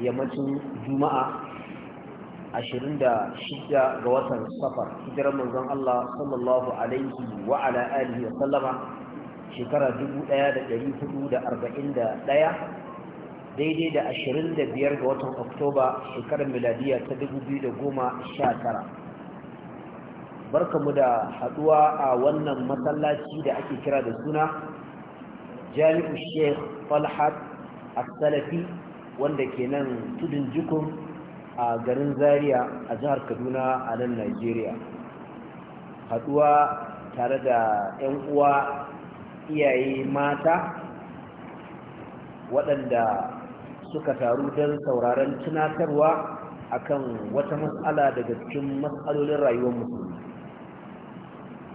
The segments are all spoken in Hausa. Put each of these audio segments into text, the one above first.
yammacin juma'a 26 ga watan safar hijirar manzon Allah sallallahu alaihi wa ala alihi wa sallama shekara 1441 daidai da 25 ga watan oktoba shekarar miladiya ta 2019 barkamu da haduwa a wannan masallaci da ake kira da suna jami'u sheikh falhat as-salafi wanda ke nan tudun jikun a garin Zariya a jihar kaduna a nan nigeria haduwa tare da 'yan uwa iyaye mata waɗanda suka taru don sauraron tunatarwa akan wata matsala daga cikin matsalolin rayuwar musulmi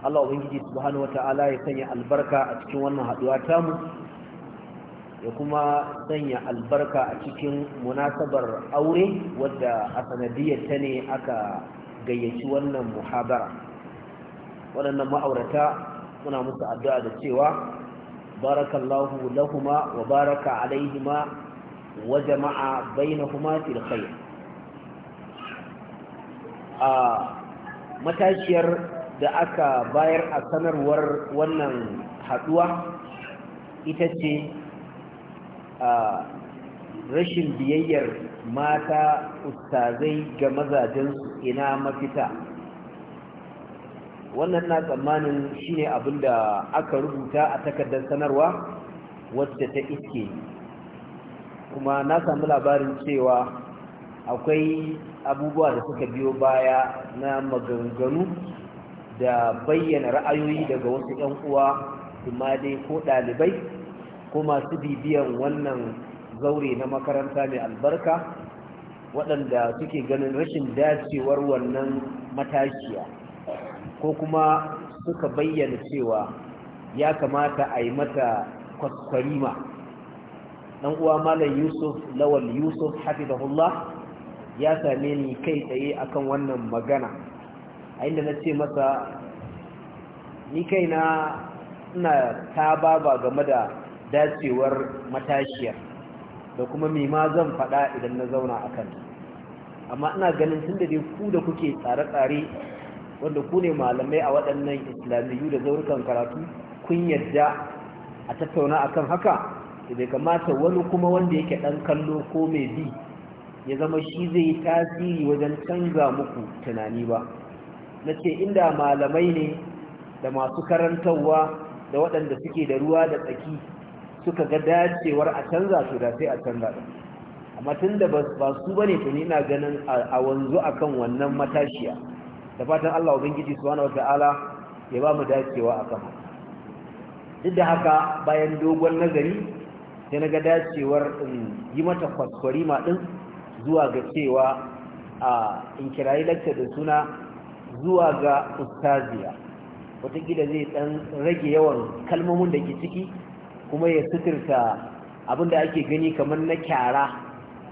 Allah ubangiji subhanahu wata'ala ya sanya albarka a cikin wannan haduwa tamu ya kuma sanya albarka a cikin munasabar aure wadda a sanadiyar ta ne aka gayyaci wannan muhabara waɗannan ma'aurata muna musu addu'a da cewa barakallahu lahuma wa baraka alaihima wa jama'a bainahuma fil khair a matashiyar da aka bayar a sanarwar wannan haɗuwa, ita ce A rashin biyayyar mata ustazai ga mazajensu ina mafita wannan na tsammanin shine abin da aka rubuta a takardar sanarwa wadda ta iske kuma na sami labarin cewa akwai abubuwa da suka biyo baya na maganganu da bayyana ra'ayoyi daga wasu 'yan uwa ma dai ko ɗalibai ko masu bibiyan wannan zaure na makaranta mai albarka waɗanda suke ganin rashin dacewar wannan matashiya ko kuma suka bayyana cewa ya kamata a yi mata kwaskwarima ɗan uwa malam yusuf lawal yusuf hafizahullah ya same ni kai tsaye akan wannan magana a inda na ce masa ni kaina ina ta ba game da dacewar matashiyar da kuma me ma zan faɗa idan na zauna a kan amma ina ganin tun da dai ku da kuke tsare-tsare wanda ku ne malamai a waɗannan islamiyyu da zaurukan karatu kun yadda a tattauna akan haka bai kamata wani kuma wanda yake ɗan kallo ko mai bi ya zama shi zai yi tasiri wajen canza muku tunani ba na ce inda malamai ne da masu karantarwa da waɗanda suke da ruwa da tsaki suka ga dacewar a canza su da sai a canza da amma tun da ba su ba ne tuni ina ganin a wanzu akan wannan matashiya da fatan Allah Ubangiji subhanahu wata'ala ya ba mu dacewa kama. duk da haka bayan dogon nazari sai na ga dacewar in yi mata ma ɗin zuwa ga cewa a in kirayi lakta da suna zuwa ga ustaziya gida zai ɗan rage yawan kalmomin da ke ciki kuma ya suturta da ake gani kamar na kyara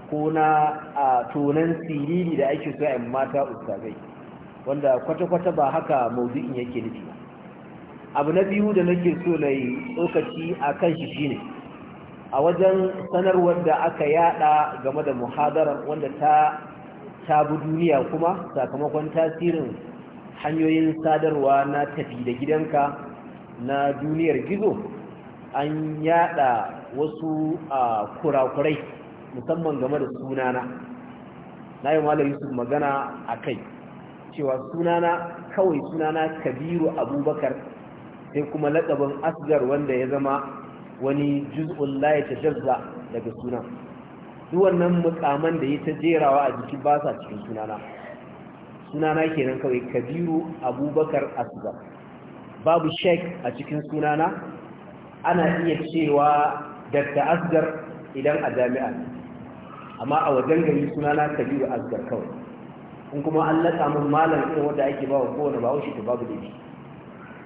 ko na tonan siriri da ake so a mata ustazai wanda kwata-kwata ba haka maudu'in yake nufi abu na biyu da nake so na yi tsokaci a kan shi ne. a wajen sanarwar da aka yada game da muhadarar wanda ta tabu duniya kuma sakamakon tasirin hanyoyin sadarwa na tafi da gidanka na duniyar gizo an yada wasu kurakurai musamman game da sunana na yi malar yusuf magana a kai cewa sunana kawai sunana kabiru abubakar sai kuma lakabin asgar wanda ya zama wani juz'un la ya tajazza daga sunan duk wannan mukaman da ya ta jerawa a jiki ba sa cikin sunana sunana kenan kawai kabiru abubakar asgar babu shek a cikin sunana ana iya cewa da asgar idan a jami'a amma a wajen gari suna na kabiru asgar kawai in kuma an latsa min malam irin wanda ake ba wa kowane ba shi ta babu da shi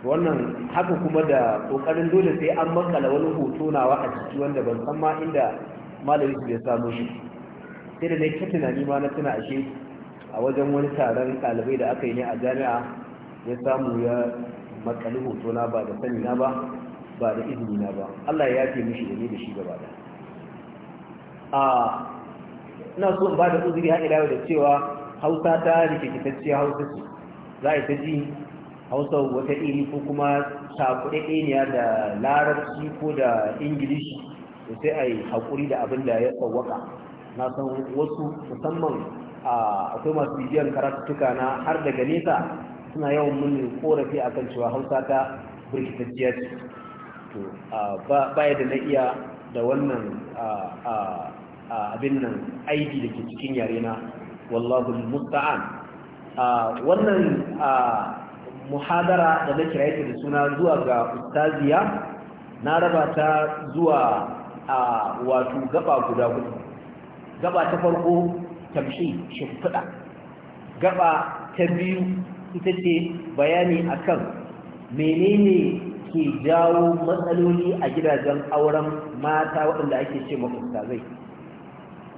wannan haka kuma da ƙoƙarin dole sai an makala wani hoto nawa a jiki wanda ban san ma inda malami su bai samu shi sai da na ta tunani ma na tuna ashe a wajen wani taron ɗalibai da aka yi ne a jami'a ya samu ya makali hoto na ba da sani na ba ba da izini na ba Allah ya yafe mishi da ne da shi gaba da a ina so ba da uzuri har ila da cewa Hausa ta rikikitacciya Hausa ce za a ta ji Hausa wata iri ko kuma ya da Larabci ko da Ingilishi da sai a yi haƙuri da abin da ya tsawaka na san wasu musamman a akwai masu bibiyan karatuttuka na har daga nesa suna yawan mun korafi akan cewa Hausa ta birkitacciya ce to baya da na iya da wannan abin nan aiki da ke cikin yare na wallahu musta'an wannan muhadara da na kira da suna zuwa ga ustaziya na raba ta zuwa wato gaba guda hudu gaba ta farko tamshi shimfiɗa gaba ta biyu ita ce bayani akan menene ke jawo matsaloli a gidajen auren mata waɗanda ake ce mafustazai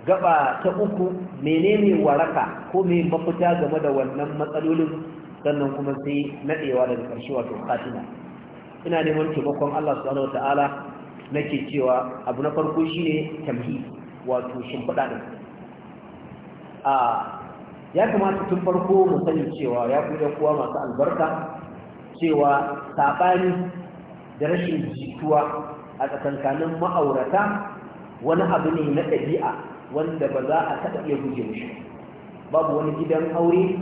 gaba ta uku menene waraka ko mai mafita game da wannan matsalolin sannan kuma sai naɗewa daga ƙarshe wato katina? ina neman taimakon Allah subhanahu wataala nake cewa abu na farko shine tamhi wato shimfiɗa din a ya kamata tun farko mu sani cewa ya kuwa masu albarka cewa saɓani da rashin jituwa a tsakankanin ma'aurata wani abu ne na ɗabi'a wanda ba za a taɓa iya guje shi. babu wani gidan aure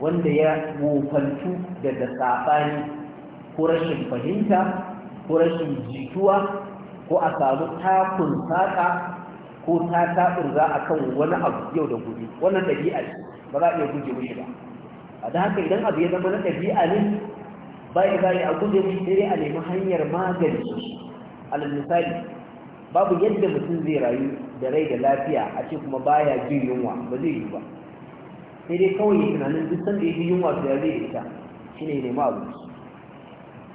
wanda ya wofantu daga saɓani ko rashin fahimta ko rashin jituwa ko a samu takun saƙa ko ta taɓin za a kan wani abu yau da gobe wannan ɗabi'a ce ba za a iya guje mishi ba a da haka idan abu ya zama na ɗabi'a ne bayi bayi a guje shi sai a nemi hanyar magani alal misali babu yadda mutum zai rayu da rai da lafiya a ce kuma baya jin yunwa ba zai yi ba sai dai kawai ya tunanin duk sanda ya ji yunwa to ya zai ita shine ne ma abu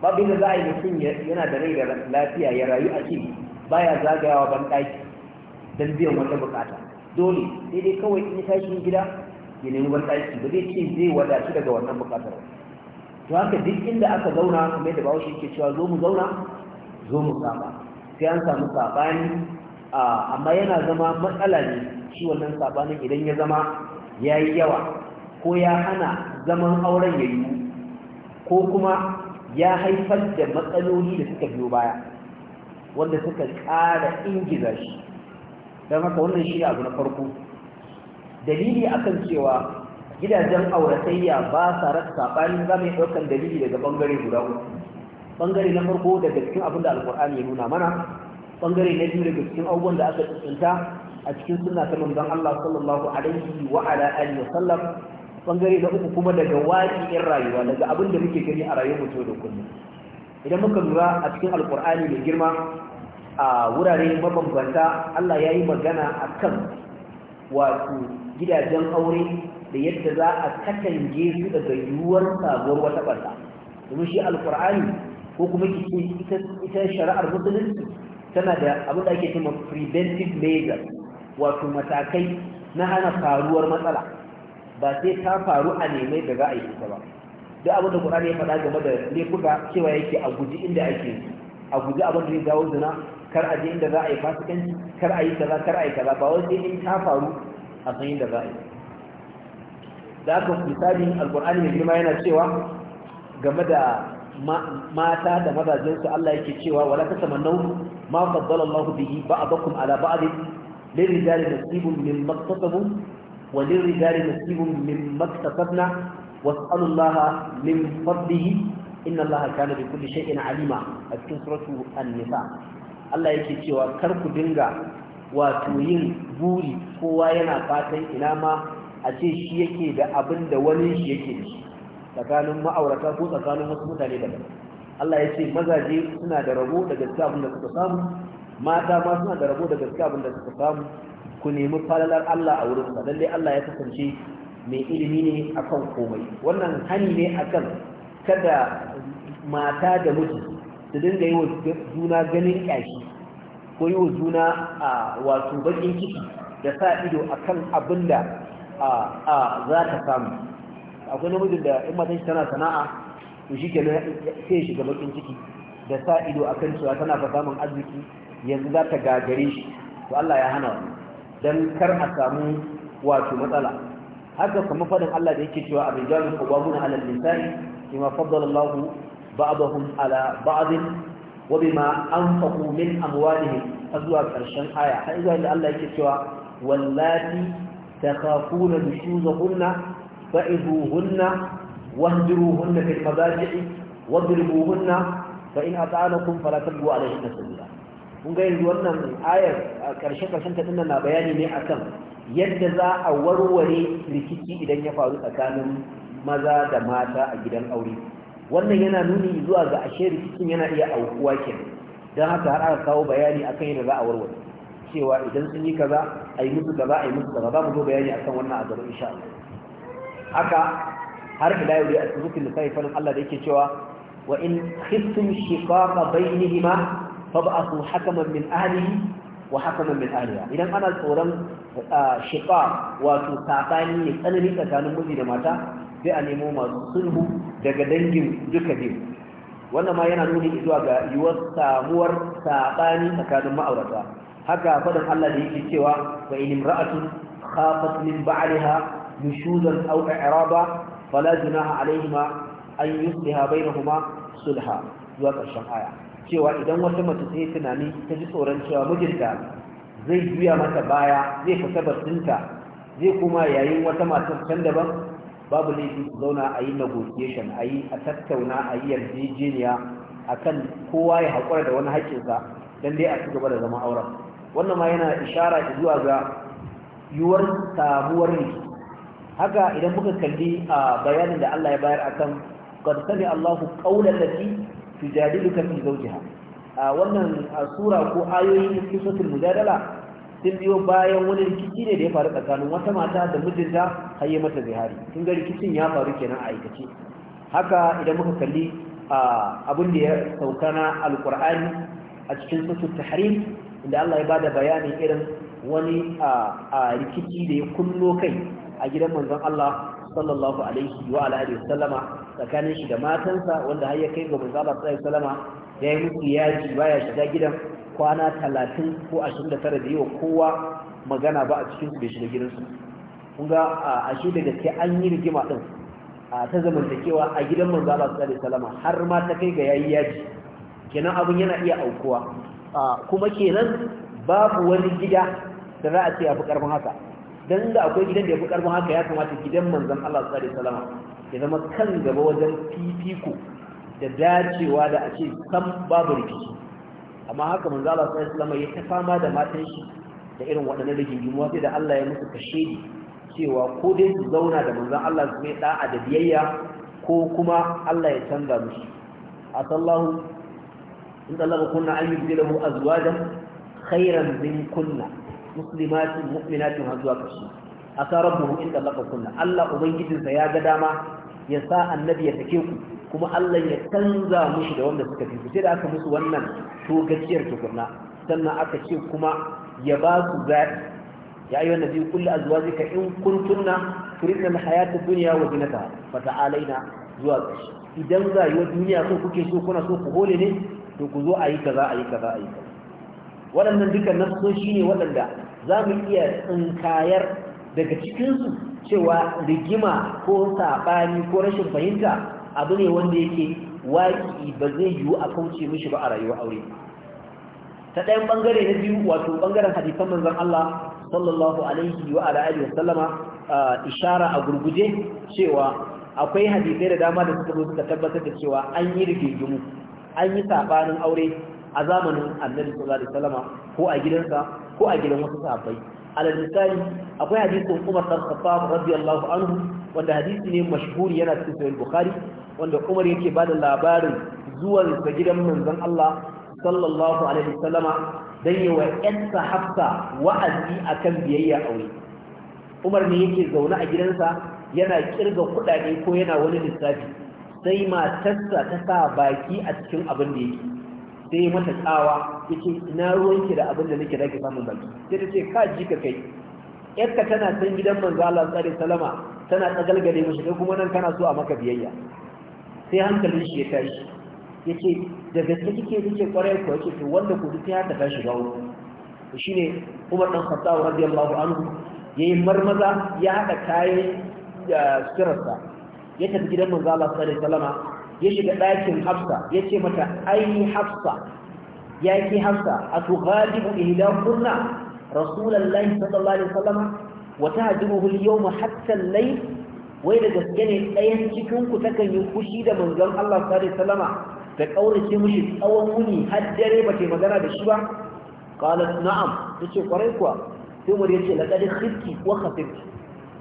babu yadda za a yi mutum yana da rai da lafiya ya rayu a ce baya zagayawa ban ɗaki don biyan wata bukata dole sai dai kawai in tashin gida ya nemi ban ɗaki ba zai ce zai wadatu daga wannan bukatar ba to haka duk inda aka zauna kuma da bawo shi ke cewa zo mu zauna zo mu saba sai an samu sabani amma yana zama matsala ne shi wannan sabanin idan ya zama ya yi yawa ko ya hana zaman auren ya yi ko kuma ya haifar da matsaloli da suka biyo baya wanda suka ƙara ingiza shi don haka wannan shi abu na farko dalili akan cewa gidajen auratayya ba sa rasa saɓanin za mu yi dalili daga ɓangare guda uku ɓangare na farko daga cikin abin da alƙur'ani ya nuna mana ɓangare na biyu daga cikin abubuwan da aka tsinta a cikin suna ta manzon Allah sallallahu alaihi wa ala alihi wa sallam bangare na uku kuma daga 'yan rayuwa daga abin da muke gani a rayuwar mutum da kullum idan muka lura a cikin Alƙur'ani mai girma a wurare mabambanta Allah ya yi magana a kan wato gidajen aure da yadda za a katange su daga yiwuwar sabuwar wata ɓarna domin shi alkur'ani ko kuma ita shari'ar musulunci tana da abin da ake cewa preventive measures wato matakai na hana faruwar matsala ba sai ta faru a nemai da za a yi ba duk abin da Qur'ani ya faɗa game da laifuka cewa yake a guji inda ake a guji abin da zai dawo zina kar a je inda za a yi fasikanci kar a yi kaza kar a yi kaza ba wai sai in ta faru a san inda za a yi da aka misali alkur'ani mai girma yana cewa game da mata da mazajensu Allah yake cewa wala tasamannau ma faddala Allahu bihi ba'dakum ala ba'd lirrijali nasibun mimma iktasabu wa lirrijali nasibun mimma iktasabna was'alu Allah min fadlihi inna Allah kana bi kulli shay'in alima a cikin suratu an-nisa Allah yake cewa kar ku dinga wato yin buri kowa yana fatan ina ma a ce shi yake da abin da wani shi yake da shi tsakanin ma'aurata ko tsakanin wasu mutane daban Allah ya ce mazaje suna da rabo da gaske abin da suka samu mata ma suna da rabo da gaske abin da suka samu ku nemi falalar Allah a wurin sa lalle Allah ya kasance mai ilimi ne akan komai wannan hani ne akan kada mata da miji su dinga yi wa juna ganin kyashi ko yi wa juna a wato bakin ciki da sa ido akan abin da a za ka samu akwai namijin da in matan shi tana sana'a to shi ke sai shiga bakin ciki da sa ido a kan cewa tana fa samun arziki yanzu za ta gagare shi to Allah ya hana don kar a samu wato matsala haka kuma faɗin Allah da yake cewa abin jami'in ƙwabuna alal nisa'i ma faddala Allah ba'dahum ala ba'd wa bima anfaqu min amwalihim azwa karshen aya har zuwa Allah yake cewa wallafi تخافون نشوزهن فإذوهن واهجروهن في المضاجع واضربوهن فإن أطعنكم فلا تبقوا عليهن سبيلا kun wannan ayar a ƙarshe ƙarshen ta dinnan na bayani ne akan yadda za a warware rikici idan ya faru tsakanin maza da mata a gidan aure wannan yana nuni zuwa ga ashe rikicin yana iya aukuwa kenan don haka har aka kawo bayani akan yadda za a warware cewa idan sun yi kaza a yi musu kaza a yi musu kaza za mu zo bayani akan wannan a gaba insha Allah haka har da yau a cikin lissafi farin Allah da yake cewa wa in khiftum shiqaqa bainihima fab'athu hakaman min ahlihi wa hakaman min ahliha idan ana tsoron shiqaq wato sabani ne tsanani tsakanin miji da mata sai a nemo masu sulhu daga dangin duka biyu wannan ma yana nuni zuwa ga yiwuwar samuwar saɓani tsakanin ma'aurata haka fadin Allah da yake cewa wa in imra'atun khafat min ba'liha nushuzan aw i'raba fala junaha alaihima an yusliha bainahuma sulha zuwa ƙarshen aya cewa idan wata mace ta yi tunani ta ji tsoron cewa mijinta zai juya mata baya zai fita barcinta zai kuma yayin wata matar can daban babu laifi su zauna a yi negotiation a yi a tattauna a yi yarjejeniya akan kowa ya haƙura da wani haƙƙinsa don dai a ci gaba da zama auren wannan ma yana ishara zuwa ga yuwar sabuwar rikici haka idan muka kalli a bayanin da Allah ya bayar akan qad sami Allahu qawlan lati tujadiluka fi zawjiha wannan sura ko ayoyi cikin suratul mujadala sun biyo bayan wani rikici ne da ya faru tsakanin wata mata da mijinta har yi mata zihari kun ga rikicin ya faru kenan a aikace haka idan muka kalli abin da ya sauka na alqur'ani a cikin suratul tahrim inda Allah ya da bayanin irin wani a rikici da ya kunno kai a gidan manzon Allah sallallahu alaihi wa alihi wasallama tsakanin shi da matansa wanda har ya kai ga manzon Allah sallallahu alaihi ya yi musu yaji baya shiga gidan kwana 30 ko 29 da yi wa kowa magana ba a cikin su bai shiga gidansu kun ga a shi da gaske an yi rigima din a ta zamantakewa a gidan manzo Allah sallallahu alaihi har ma ta kai ga yayi yaji kenan abun yana iya aukuwa kuma kenan babu wani gida da za a ce abu karfin haka dan da akwai gidan da ya fi ƙarfin haka ya kamata gidan manzon Allah sallallahu alaihi wasallam ya zama kan gaba wajen fifiko da dacewa da a ce san babu rikici amma haka manzon Allah sallallahu alaihi wasallam ya ta fama da matan shi da irin waɗannan rigingimu sai da Allah ya musu kashe cewa ko dai su zauna da manzon Allah su mai da'a da biyayya ko kuma Allah ya canza musu asallahu in tsallaka kunna an yi da mu azwajan khairan min kunna muslimatin mu'minatin har zuwa kashi aka rabbuhu in tsallaka kunna Allah ubangijinsa ya ga dama ya sa annabi ya take ku kuma Allah ya canza mushi da wanda suka fi sai da aka musu wannan to gaskiyar tukunna sannan aka ce kuma ya ba su zaɓi يا أيها النبي قل لأزواجك إن كنتن تردن الحياة الدنيا وزينتها فتعالينا زواج idan rayuwar duniya ko kuke so kuna so ku hole ne to ku zo a yi kaza a yi kaza a yi kaza waɗannan duka shi ne waɗanda za mu iya tsinkayar daga cikinsu cewa rigima ko saɓani ko rashin fahimta abu ne wanda yake waƙi ba zai yiwu a kauce mishi ba a rayuwar aure ta ɗayan ɓangare na biyu wato ɓangaren hadisan manzon Allah sallallahu alaihi wa alihi wa sallama ishara a gurguje cewa akwai hadisai da dama da suka zo suka tabbatar da cewa an yi rigingimu an yi sabanin aure a zamanin annabi sallallahu alaihi wasallam ko a gidansa ko a gidan wasu sahabbai alal misali akwai hadisin Umar bin Khattab radiyallahu anhu wanda hadisi ne mashhuri yana cikin sahih Bukhari wanda Umar yake bada labarin zuwan sa gidan manzon Allah sallallahu alaihi wasallam dan wa ƴan sahabba wa'azi akan biyayya aure Umar ne yake zaune a gidansa yana kirga kudade ko yana wani lissafi sai matarsa ta sa baki a cikin abin da yake sai ya mata tsawa ya ce ina ruwanki da abin da nake da ke samun baki sai ta ce ka ji ka kai yarka tana san gidan manzo Allah sallallahu salama tana tsagalgale mishi kai kuma nan kana so a maka biyayya sai hankalin shi ya tashi ya ce da gaske kike kike kwarai ko yace to wanda ku duk ya ta shiga wurin shine Umar dan Khattab radiyallahu anhu yayi marmaza ya hada kayan sirarsa ya tafi gidan manzo Allah sallallahu alaihi wasallama ya shiga ɗakin Hafsa ya ce mata ai Hafsa ya ki Hafsa atughadibu ihdakunna rasulullahi sallallahu alaihi wasallama wa tahdimuhu al-yawma hatta al-layl wai da gaske ne ɗayan cikin ku takan yi fushi da manzon Allah sallallahu alaihi wasallama da kaurace mishi tsawon wuni har dare ba ta magana da shi ba qalat na'am tace kwarai kuwa sai mu yace laqad khifti wa khafifti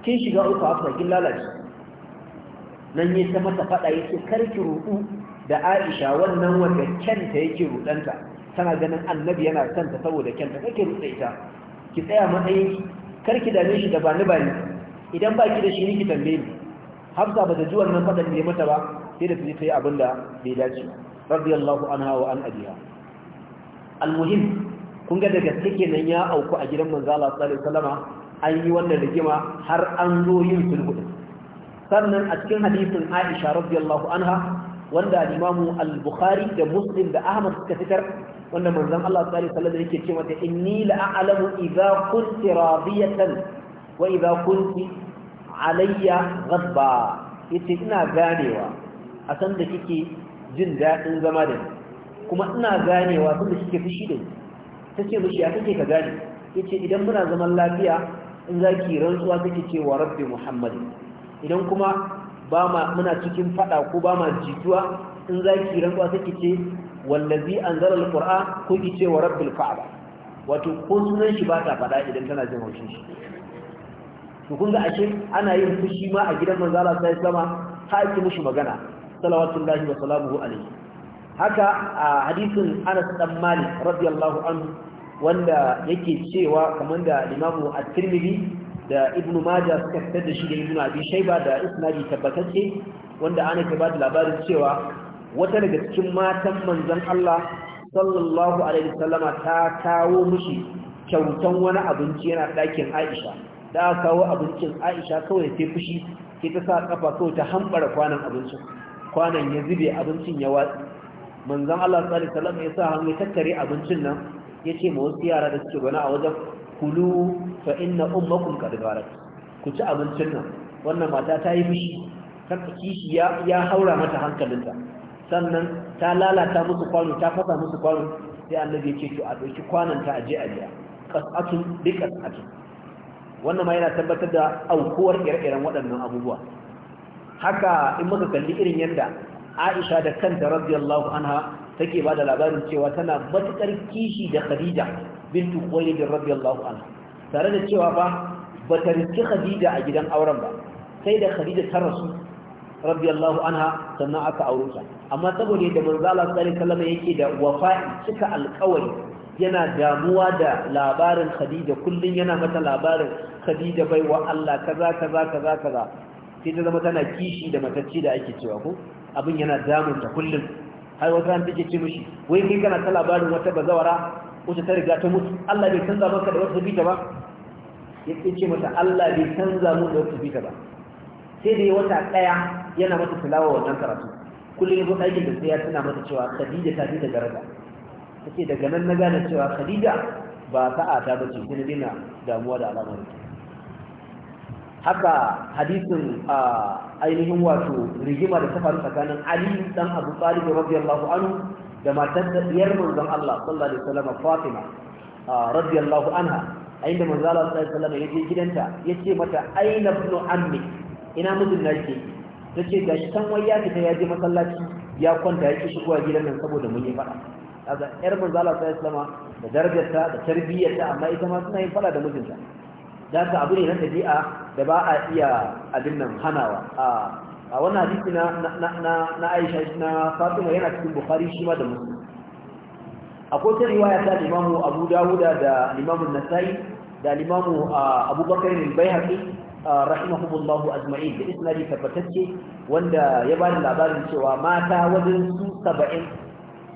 kin shiga uku afsa kin lalace nan ya ta mata faɗa ya ce karki ruɗu da aisha wannan wanda kyanta yake ruɗanta tana ganin annabi yana kanta saboda kyanta kake ruɗa ita ki tsaya matsayin karki dame shi da bani bani idan ba ki da shi ki tambaye ni hafsa ba da ji wannan faɗan da ya mata ba sai da ta yi abin da bai dace radiyallahu anha wa an abiha almuhim kun ga daga take nan ya auku a gidan manzo Allah sallallahu alaihi wasallama an yi wannan rigima har an zo yin sulhu sannan a cikin hadisin Aisha radiyallahu anha wanda al-Imam al-Bukhari da Muslim da Ahmad suka fitar wanda manzon Allah sallallahu alaihi wasallam yake cewa ta inni la a'lamu idza kunti radiyatan wa idza kunti alayya ghadba yace ina ganewa a san da kike jin dadin zama da ni kuma ina ganewa san da kike fushi da ni tace mishi ya kake ka gane yace idan muna zaman lafiya in zaki rantsuwa kake cewa rabbi muhammadin idan kuma ba ma muna cikin fada ko ba ma jituwa in za ki rantsuwa sai ki ce wallazi anzala alquran ko ki ce wa rabbil ka'aba wato ko sunan shi ba ta fada idan tana jin haushin shi to kun ga ashe ana yin fushi ma a gidan manzo Allah sai sama ta yi mushi magana salawatullahi wa salamuhu alayhi haka a hadisin Anas dan Malik radiyallahu anhu wanda yake cewa kamar da Imam At-Tirmidhi da ibnu maja suka fitar da shi da ibnu abi shaiba da isnadi tabbatacce wanda ana ke ba da labarin cewa wata daga cikin matan manzon Allah sallallahu alaihi wasallama ta kawo mishi kyautan wani abinci yana ɗakin Aisha da kawo abincin Aisha kawai sai fushi sai ta sa kafa kawai ta hambara kwanan abincin kwanan ya zube abincin ya watsi manzon Allah sallallahu alaihi wasallama ya sa hannu tattare abincin nan yace ma wasu yara da suke gona a wajen kulu fa inna ummakum qad gharat ku ci abincin nan wannan mata ta yi mishi kaka kishi ya ya haura mata hankalinta sannan ta lalata musu kwano ta fasa musu kwano sai annabi ya ce to a dauki kwanan ta aje a biya qas'atun bi qas'atun wannan ma yana tabbatar da aukuwar ire-iren waɗannan abubuwa haka in muka kalli irin yadda Aisha da kanta radiyallahu anha take ba da labarin cewa tana matukar kishi da khadija bintu da radiyallahu anha tare da cewa ba ba ta rike khadija a gidan auren ba sai da khadija ta rasu radiyallahu anha sannan aka aure ta amma saboda yadda manzo Allah sallallahu alaihi yake da wafa'i cika alƙawari yana damuwa da labarin khadija kullun yana mata labarin khadija baiwa Allah kaza kaza kaza kaza sai ta zama tana kishi da matacci da ake cewa ko abin yana damunta kullum har wata ran take ce mishi wai kai kana ta labarin wata bazawara wata ta riga ta mutu Allah bai canza maka da wata bita ba yake ce mata Allah bai canza mu da wata bita ba sai dai wata daya yana mata tilawa wannan karatu kullum yazo aikin da sai ya tana mata cewa Khadija ta fi da daraja take daga nan na gane cewa Khadija ba sa'a ta bace sai na dina damuwa da al'amarin haka hadisin ainihin wato rigima da ta faru tsakanin Ali dan Abu Talib radiyallahu anhu da matar da diyar manzon Allah sallallahu alaihi wasallam Fatima radiyallahu anha a inda manzon Allah sallallahu alaihi wasallam yaje gidanta yace mata aina ibn ammi ina mijin nake tace gashi san wai ya fita ya je masallaci ya kwanta yake shigowa gidan nan saboda mun yi fada kaga yar manzon Allah sallallahu alaihi wasallam da darajarta da tarbiyyarta amma ita ma suna yin fada da mijinta da haka abu ne na dabi'a da ba a iya abin nan hanawa a wannan hadisi na Aisha na Fatima yana cikin Bukhari shi ma da Muslim akwai ta riwaya ta Imam Abu Dawud da Imam An-Nasa'i da Imam Abu Bakr al-Baihaqi rahimahumullahu ajma'in da isnadi tabbatacce wanda ya ba da labarin cewa mata wajen su 70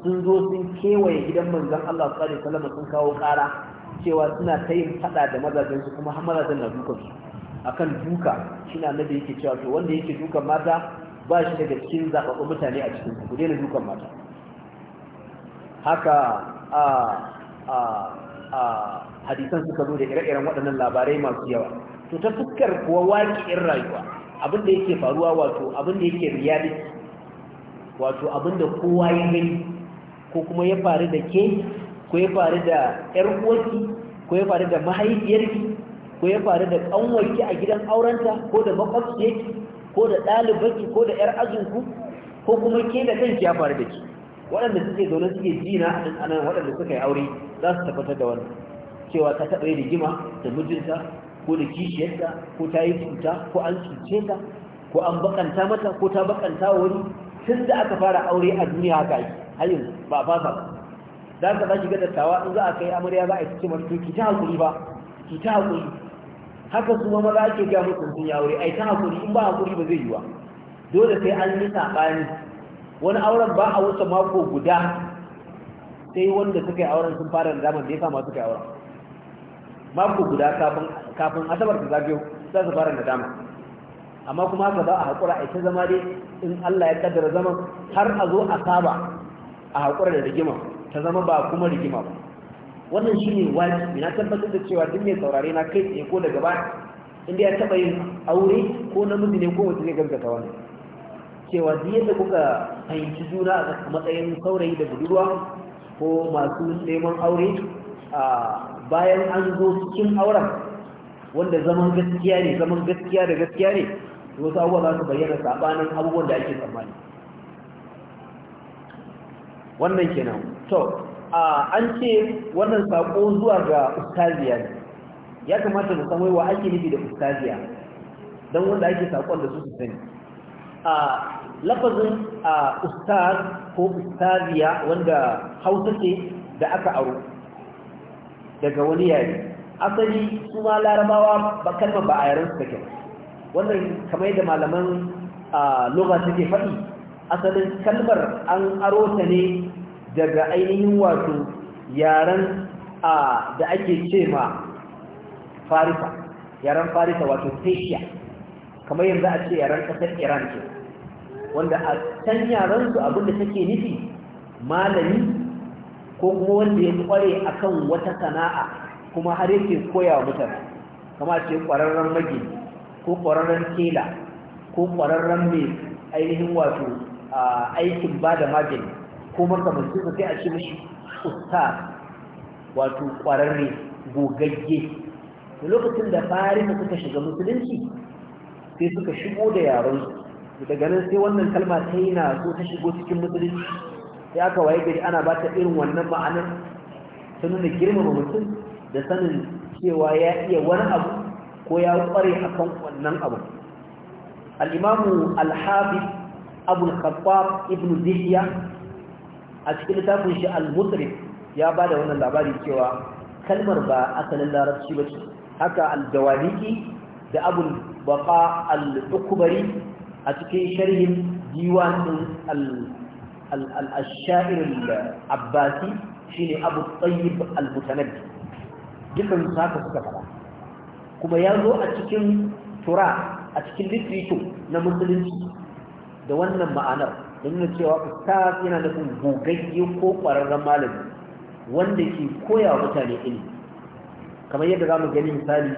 sun zo sun kewaye gidan manzon Allah sallallahu alaihi wasallam sun kawo kara cewa suna ta yin fada da mazajen su kuma har mazajen na su. akan duka shine annabi yake cewa to wanda yake dukan mata ba shi daga cikin zababbun mutane a cikin ku daina dukan mata haka a a a hadisan suka zo da ire-iren waɗannan labarai masu yawa to ta fuskar kuwa waƙi in rayuwa abin da yake faruwa wato abin da yake reality wato abin da kowa ya gani ko kuma ya faru da ke ko ya faru da ƴar uwarki ko ya faru da mahaifiyarki ko ya faru da ƙanwarki a gidan aurenta ko da yake ko da ɗalibanki ko da ‘yar azinku ko kuma ke da kanki ya faru da ki waɗanda suke zaune suke jina a ɗin anan waɗanda suka yi aure za su tabbatar da wani. cewa ta taɓa yi rigima da mijinta ko da kishiyarta ko ta yi cuta ko an cuce ta ko an bakanta mata ko ta bakanta wani tun da aka fara aure a duniya haka yi har ba a fasa ba za ka za ki ga dattawa in za a kai amarya za a yi cikin ki ta haƙuri ba ki ta haƙuri haka su ma maza ake gaya musu sun ya aure ai ta hakuri in ba hakuri ba zai yi wa dole sai an yi sabani wani auren ba a wuce mako guda sai wanda suka yi auren sun fara da damar da ya sa masu kai auren mako guda kafin kafin asabar ta zabe za su fara da damar amma kuma haka za a haƙura a ta zama dai in Allah ya kaddara zaman har a zo a saba a haƙura da rigima ta zama ba kuma rigima ba wannan shi ne wajibi na tabbatar da cewa duk mai saurare na kai tsaye ko da gaba inda ya taɓa yin aure ko namiji ne ko wata zai gaggata wani cewa duk yadda kuka fahimci juna a matsayin saurayi da budurwa ko masu neman aure a bayan an zo cikin auren wanda zaman gaskiya ne zaman gaskiya da gaskiya ne wasu abubuwa za su bayyana sabanin abubuwan da ake tsammani wannan kenan to a an ce wannan sako zuwa ga ustaziya ya kamata mu san wa ake nufi da ustaziya don wanda ake sakon da su su sani a lafazin ustaz ko ustaziya wanda hausa ce da aka aro daga wani yare asali su ma larabawa ba kalmar ba a yaren su take wannan kamar da malaman lugha suke faɗi asalin kalmar an aro ta ne daga ainihin wato yaren da ake ce ma farisa yaren farisa wato persia kamar yanzu a ce yaren ƙasar iran ce wanda a can yarensu abinda take nufi malami ko kuma wanda ya kware kan wata sana'a kuma har yake koya wa mutane kama ce ƙwararren magi ko ƙwararren tela ko ƙwararren mai ainihin wato aikin ba da magani ko makamancinsa sai a ce mashi usta wato ƙwararre gogagge da lokacin da farisa suka shiga musulunci sai suka shigo da yaron daga nan sai wannan kalma ta yi na so ta shigo cikin musulunci sai aka waye gari ana ba ta irin wannan ma'anar ta nuna girmama mutum da sanin cewa ya iya wani abu ko ya kware kan wannan abu al-imamu al-hafiz abu al-khattab ibn a cikin littafin shi al-musrif ya ba da wannan labari cewa kalmar ba asalin larabci ba ce haka al-dawaliki da abul baqa al-ukbari a cikin sharhin diwan din al-ashair al-abbasi shine abu tsayib al-mutanabbi Dukkan saka suka fara kuma ya zo a cikin tura a cikin literature na musulunci da wannan ma'anar don cewa ustaz yana da gogagge ko ƙwararren malami wanda ke koya mutane ilimi kamar yadda za mu gani misali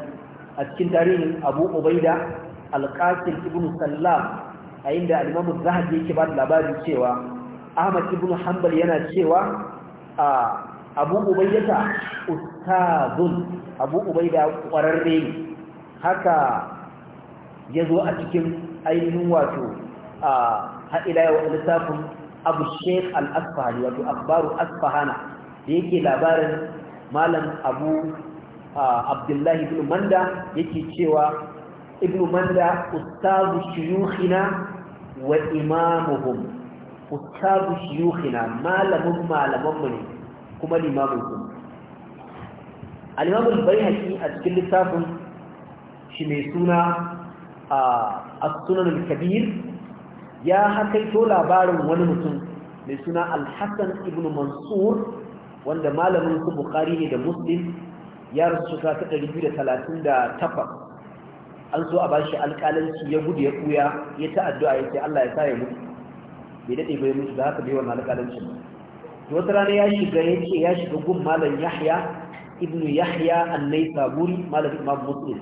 a cikin tarihin abu ubaida alƙasir ibn sallam a inda alimamu zahabi yake ba da labarin cewa ahmad ibn hanbal yana cewa a abu ubaida ustazun abu ubaida ƙwararre haka ya zo a cikin ainihin wato a har ila yau littafin abu sheikh al-asfahani wato akbaru asfahana da yake labarin malam abu abdullahi ibn manda yake cewa ibn manda ustazu shiyu'hina wa imamuhum ustazu shiyu'hina malamin malamanmu ne kuma limamin su al-imamul bayhaqi a cikin littafin shi mai suna a sunanin kabir ya hakaito labarin wani mutum mai suna alhassan ibn mansur wanda malamin su bukari ne da muslim ya rasu ta 238 an so a bashi shi ya gudu ya ɓuya ya ta addu'a ya ce Allah ya sa ya mutu bai daɗe bai mutu da haka bai wannan alƙalanci ba to wata rana ya shiga ya ce ya shiga gun malam yahya Ibn yahya annai saburi malam imam muslim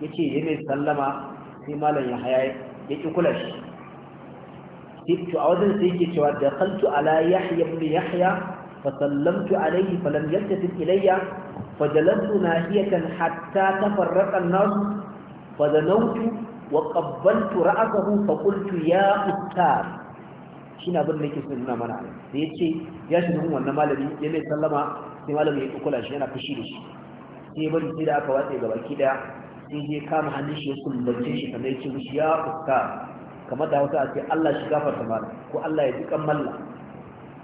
ya ce ya mai sallama sai malam yahya ya ƙi kula shi to a wajen sai yake cewa da kaltu ala yahya ibn yahya fa sallamtu alayhi fa lam yaltafi ilayya fa jalantu nahiyatan hatta tafarraqa an-nas fa danawtu wa qabbaltu ra'sahu fa qultu ya uttar shine abin da so nuna mana da yace ya shi mun wannan malami ya sallama sai malami ya kula shi yana fushi da shi sai bari sai da aka watse gaba ki da sai je kama hannun shi ya kullace shi kamar yace mishi ya uttar kamar da hausa a ce Allah shi gafarta mala ko Allah ya ji kan malla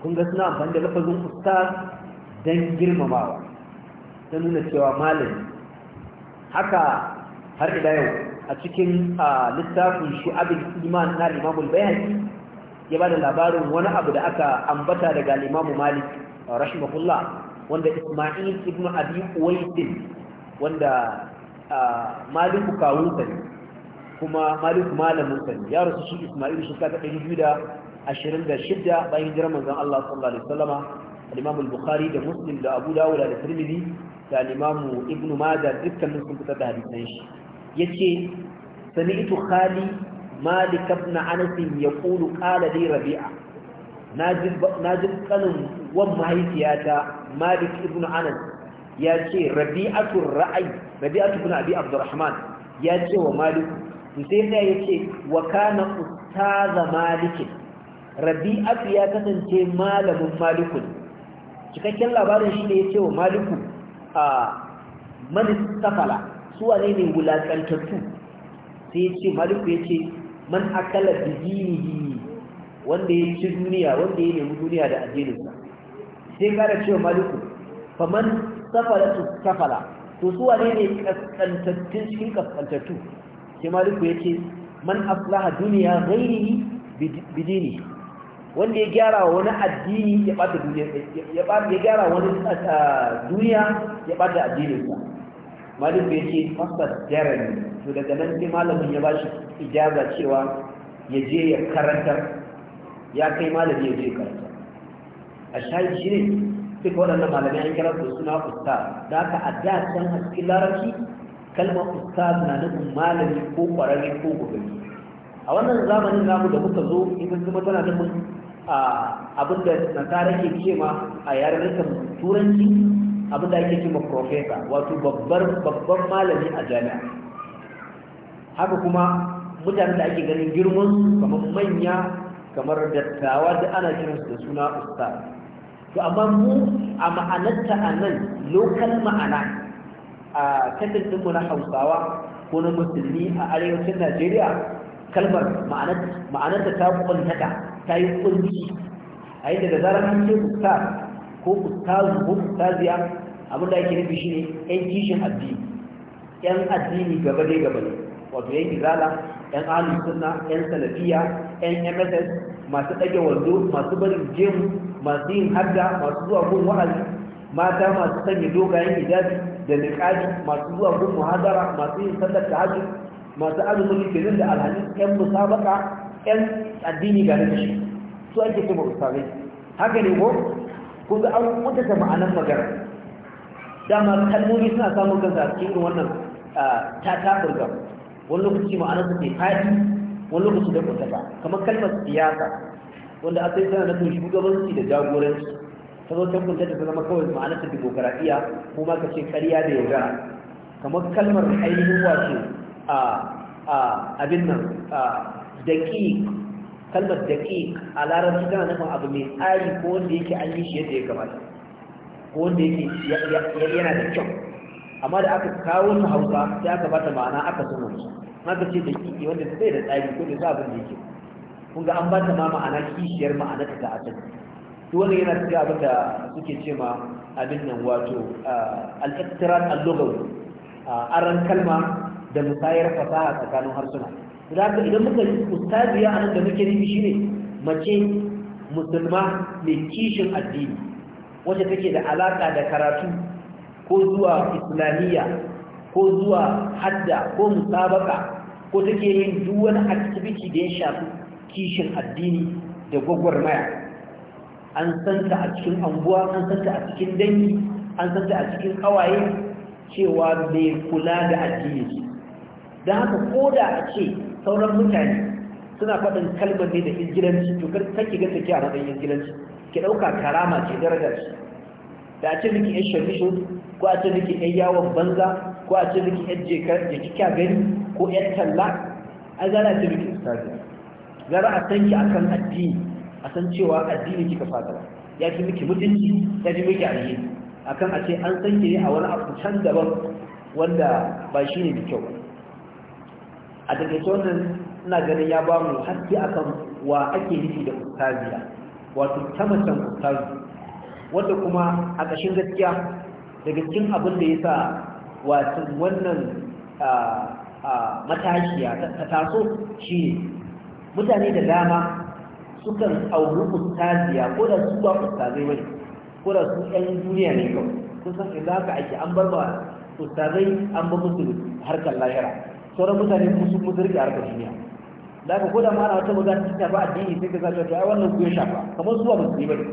kun ga suna amfani da lafazin ustaz dan girmamawa ta nuna cewa malami haka har ila yau a cikin littafin shu'abul iman na Imam al Ya ya bada labarin wani abu da aka ambata daga Imam Malik rahimahullah wanda Isma'il ibn Abi Uwaisin wanda Maliku kawunsa ne kuma malik malamin sani ya rasu shi ismail shi ta ɗari biyu da ashirin da shidda bayan hijirar manzon Allah sallallahu alaihi wasallama al-imam al-bukhari da muslim da abu dawud da tirmidhi da al-imam ibnu majah dukkanin sun fitar da hadisan shi yace sami'tu khali malik ibn anas yaqulu qala li rabi'a najib najib kanin wan mahaifiyata malik ibn anas Yace ce rabi'atul ra'ayi rabi'atu ibn abi abdurrahman ya ce wa Malik. sai sai ya ce wa kana ustaza malikin rabi'atu ya kasance malamin malikun cikakken labarin shi ne ya ce wa maliku a man istafala su wane ne wulakantattu sai ya ce maliku ya ce man akala bihi wanda ya ci duniya wanda ya nemi duniya da addininsa sai kara ce wa maliku man safala su safala to su wane ne kaskantattun cikin kaskantattu sai ya ce, man aslaha duniya ghairihi bidini wanda ya gyara wani addini ya bata duniya ya bata ya gyara wani duniya ya bata addinin sa ce yace jarani to daga nan sai malamin ya bashi ijaza cewa ya je ya karanta ya kai malami ya je karanta a shayi shi ne duk waɗannan malamai an kira su suna usta da aka adda can haskin larabci kalmar ustaz na nufin malami ko ƙwararre ko gudunmi a wannan zamanin namu da muka zo idan zuma tana nufin abin da nasara ke ce ma a yarurrukan turanci abin da ake ce ma profesa wato babban malami a jami'a haka kuma mutane da ake ganin girman kamar manya kamar dattawa da ana kiransu da suna ustaz to amma mu a ma'anarta a nan lokal ma'ana a kandin ɗinmu na hausawa ko na musulmi a arewacin najeriya kalmar ma'anarta ta kuntata ta yi kunci a yi daga zarar an ce ustaz ko ustazu ko ustaziya abinda ake nufi shi ne yan kishin addini yan addini gaba dai gaba ne wato yan izala yan ahalu sunna yan salafiya yan mss masu ɗage wando masu barin jemu masu yin hadda masu zuwa gun wa'azi mata masu sanya dogayen hijabi da niƙaji masu zuwa gun muhadara masu yin sallar tahajjud masu azumin kenan da alhaji ƴan musabaka ƴan addini ga rikishi su ake kuma ustazai haka ne ko ku ga an mutata ma'anar magana dama kalmomi suna samun kansa a cikin wannan ta burga wani lokaci ma'anar su ke faɗi wani lokaci da kuntaka kamar kalmar siyasa wanda aka yi sana na shugabanci da jagoranci ta zo ta kunta ta zama kawai ma'anarta dimokuraɗiyya ko ma ka ce karya da yaudara kamar kalmar ainihin wato a abin nan daƙiƙ kalmar daƙiƙ a larabci tana nufin abu mai tsari ko wanda yake an yi shi yadda ya kamata ko wanda yake yana da kyau amma da aka kawo su hausa sai aka bata ma'ana aka sunan su maka ce daƙiƙi wanda zai da tsari ko da za abin da yake kun ga an bata ma ma'ana kishiyar ma'ana ta asali Wani yana cikin abin da suke ce ma abin nan wato al'ittirar allogawi aran kalma da musayar fasaha tsakanin harsuna da haka idan muka yi ustaziya a da muke nufi shine mace musulma mai kishin addini wacce take da alaka da karatu ko zuwa islamiyya ko zuwa hadda ko musabaka ko take yin duk wani activity da ya shafi kishin addini da gwagwarmaya an santa a cikin anguwa an santa a cikin dangi an santa a cikin kawaye cewa mai kula da addini Dan haka koda a ce sauran mutane suna faɗin kalmar ne da ingilanci to kake ga take a matsayin ingilanci ki ɗauka karama ce daraja ce da a ce miki yan shamishin ko a ce miki yan yawon banza ko a ce miki yan jikika gani ko yan talla a zara ce miki ustazi zara a sanki akan addini a san cewa addini kika fata ya fi miki mutunci ya fi miki a akan a ce an san ki a wani abu can daban wanda ba shi ne kyau a daga wannan ina ganin ya ba mu haske akan wa ake nufi da ustaziya wato ta macen ustazi wanda kuma a ƙashin gaskiya daga cikin abin da ya sa wato wannan matashiya ta taso shi mutane da dama sukan auri ustaziya ko da su ba ustazai bane ko da su ƴan duniya ne kawai kusan idan ka ake an bar ba ustazai an ba musu harkar lahira sauran mutane kuma sun musu rike harkar duniya da ko koda ma ana wata magana ta ba addini sai ka zaɓa ai wannan ku ya shafa kamar ba su zuwa musulmi bane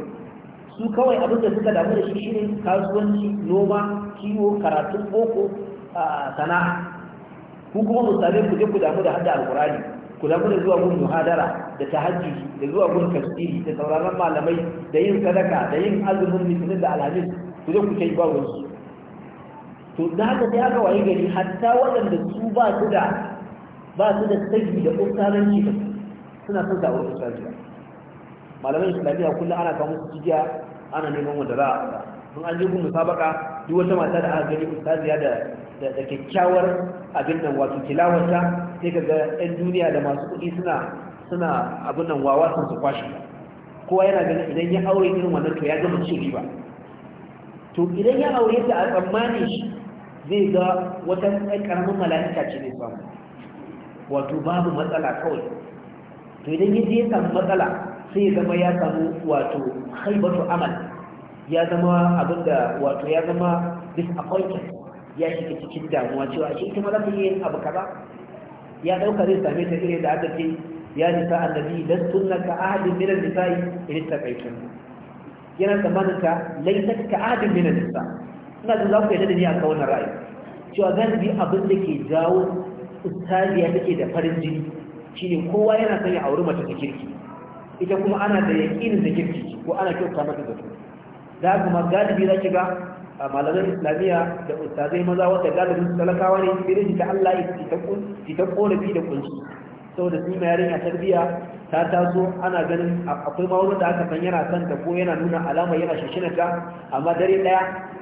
su kawai abin da suka damu da shi shine kasuwanci noma kiwo karatun boko sana'a ku kuma ustazai ku je ku damu da hadda alkurani ku damu da zuwa gun muhadara da tahajjudi da zuwa gun tafsiri da sauraron malamai da yin sadaka da yin azumin litinin da alhamis su zai kuke yi ba wasu to da haka sai aka waye gari hatta waɗanda su ba su da ba su da sagi da ƙoƙaranci da suna son zaɓar ustaziya malaman islamiyya kullum ana kawo musu jiya ana neman wanda za a ba sun an je musabaka duk wata mata da aka gani ustaziya da da kyakkyawar abin nan wato tilawarta sai ga 'yan duniya da masu kuɗi suna suna abin nan wawa sun su kwashi kowa yana ganin idan ya aure irin wannan to ya gama cin riba to idan ya aure ta a tsammani shi zai ga wata ƙaramin mala'ika ce zai samu wato babu matsala kawai to idan ya je ya samu matsala sai ya zama ya samu wato haibatu amal ya zama abinda wato ya zama disappointed ya shiga cikin damuwa cewa shi ita ma za ta yi abu kaza ya ɗauka zai same ta irin da aka ce ya nisa annabi lastunna ka ahadin minan nisa'i in taqaytun yana da ka laysat ka ahadin minan nisa ina da za ku yarda da ni a kawunan ra'ayi cewa galibi abin da ke jawo ustaliya take da farin jini shine kowa yana son ya auri mace ta kirki ita kuma ana da yaƙinin da kirki ko ana kyauta mata da su da kuma galibi za ki ga a malaman islamiyya da ustazai maza wata galibin talakawa ne firin da Allah ya ta korafi da ƙunshi. saboda su ma yarinya tarbiya ta taso ana ganin akwai maunin da aka san yana san ta ko yana nuna alama yana shishinar ta amma dare daya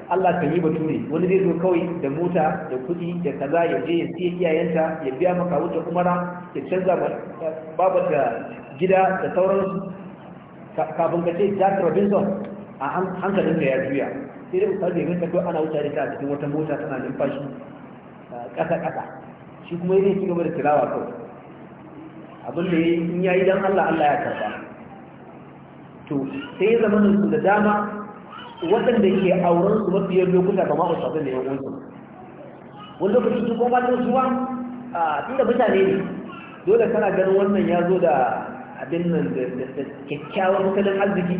Allah kan yi bature wani zai zo kawai da mota da kudi da kaza ya je ya siya iyayenta ya biya maka wuce umara ya canza babata gida da sauran kafin ka ce Jack Robinson a hankalin da ya juya sai da misali rinka ana wuce da ta cikin wata mota tana numfashi ƙasa-ƙasa shi kuma zai ci gaba da tilawa kawai abin da in yayi don Allah Allah ya karba to sai zamanin su da dama waɗanda ke auren su mafiyar lokuta ba ma su da ya gunsu wanda ku cikin kuma ta zuwa a tunda mutane ne dole kana ganin wannan ya zo da abin nan da kyakkyawar mutanen arziki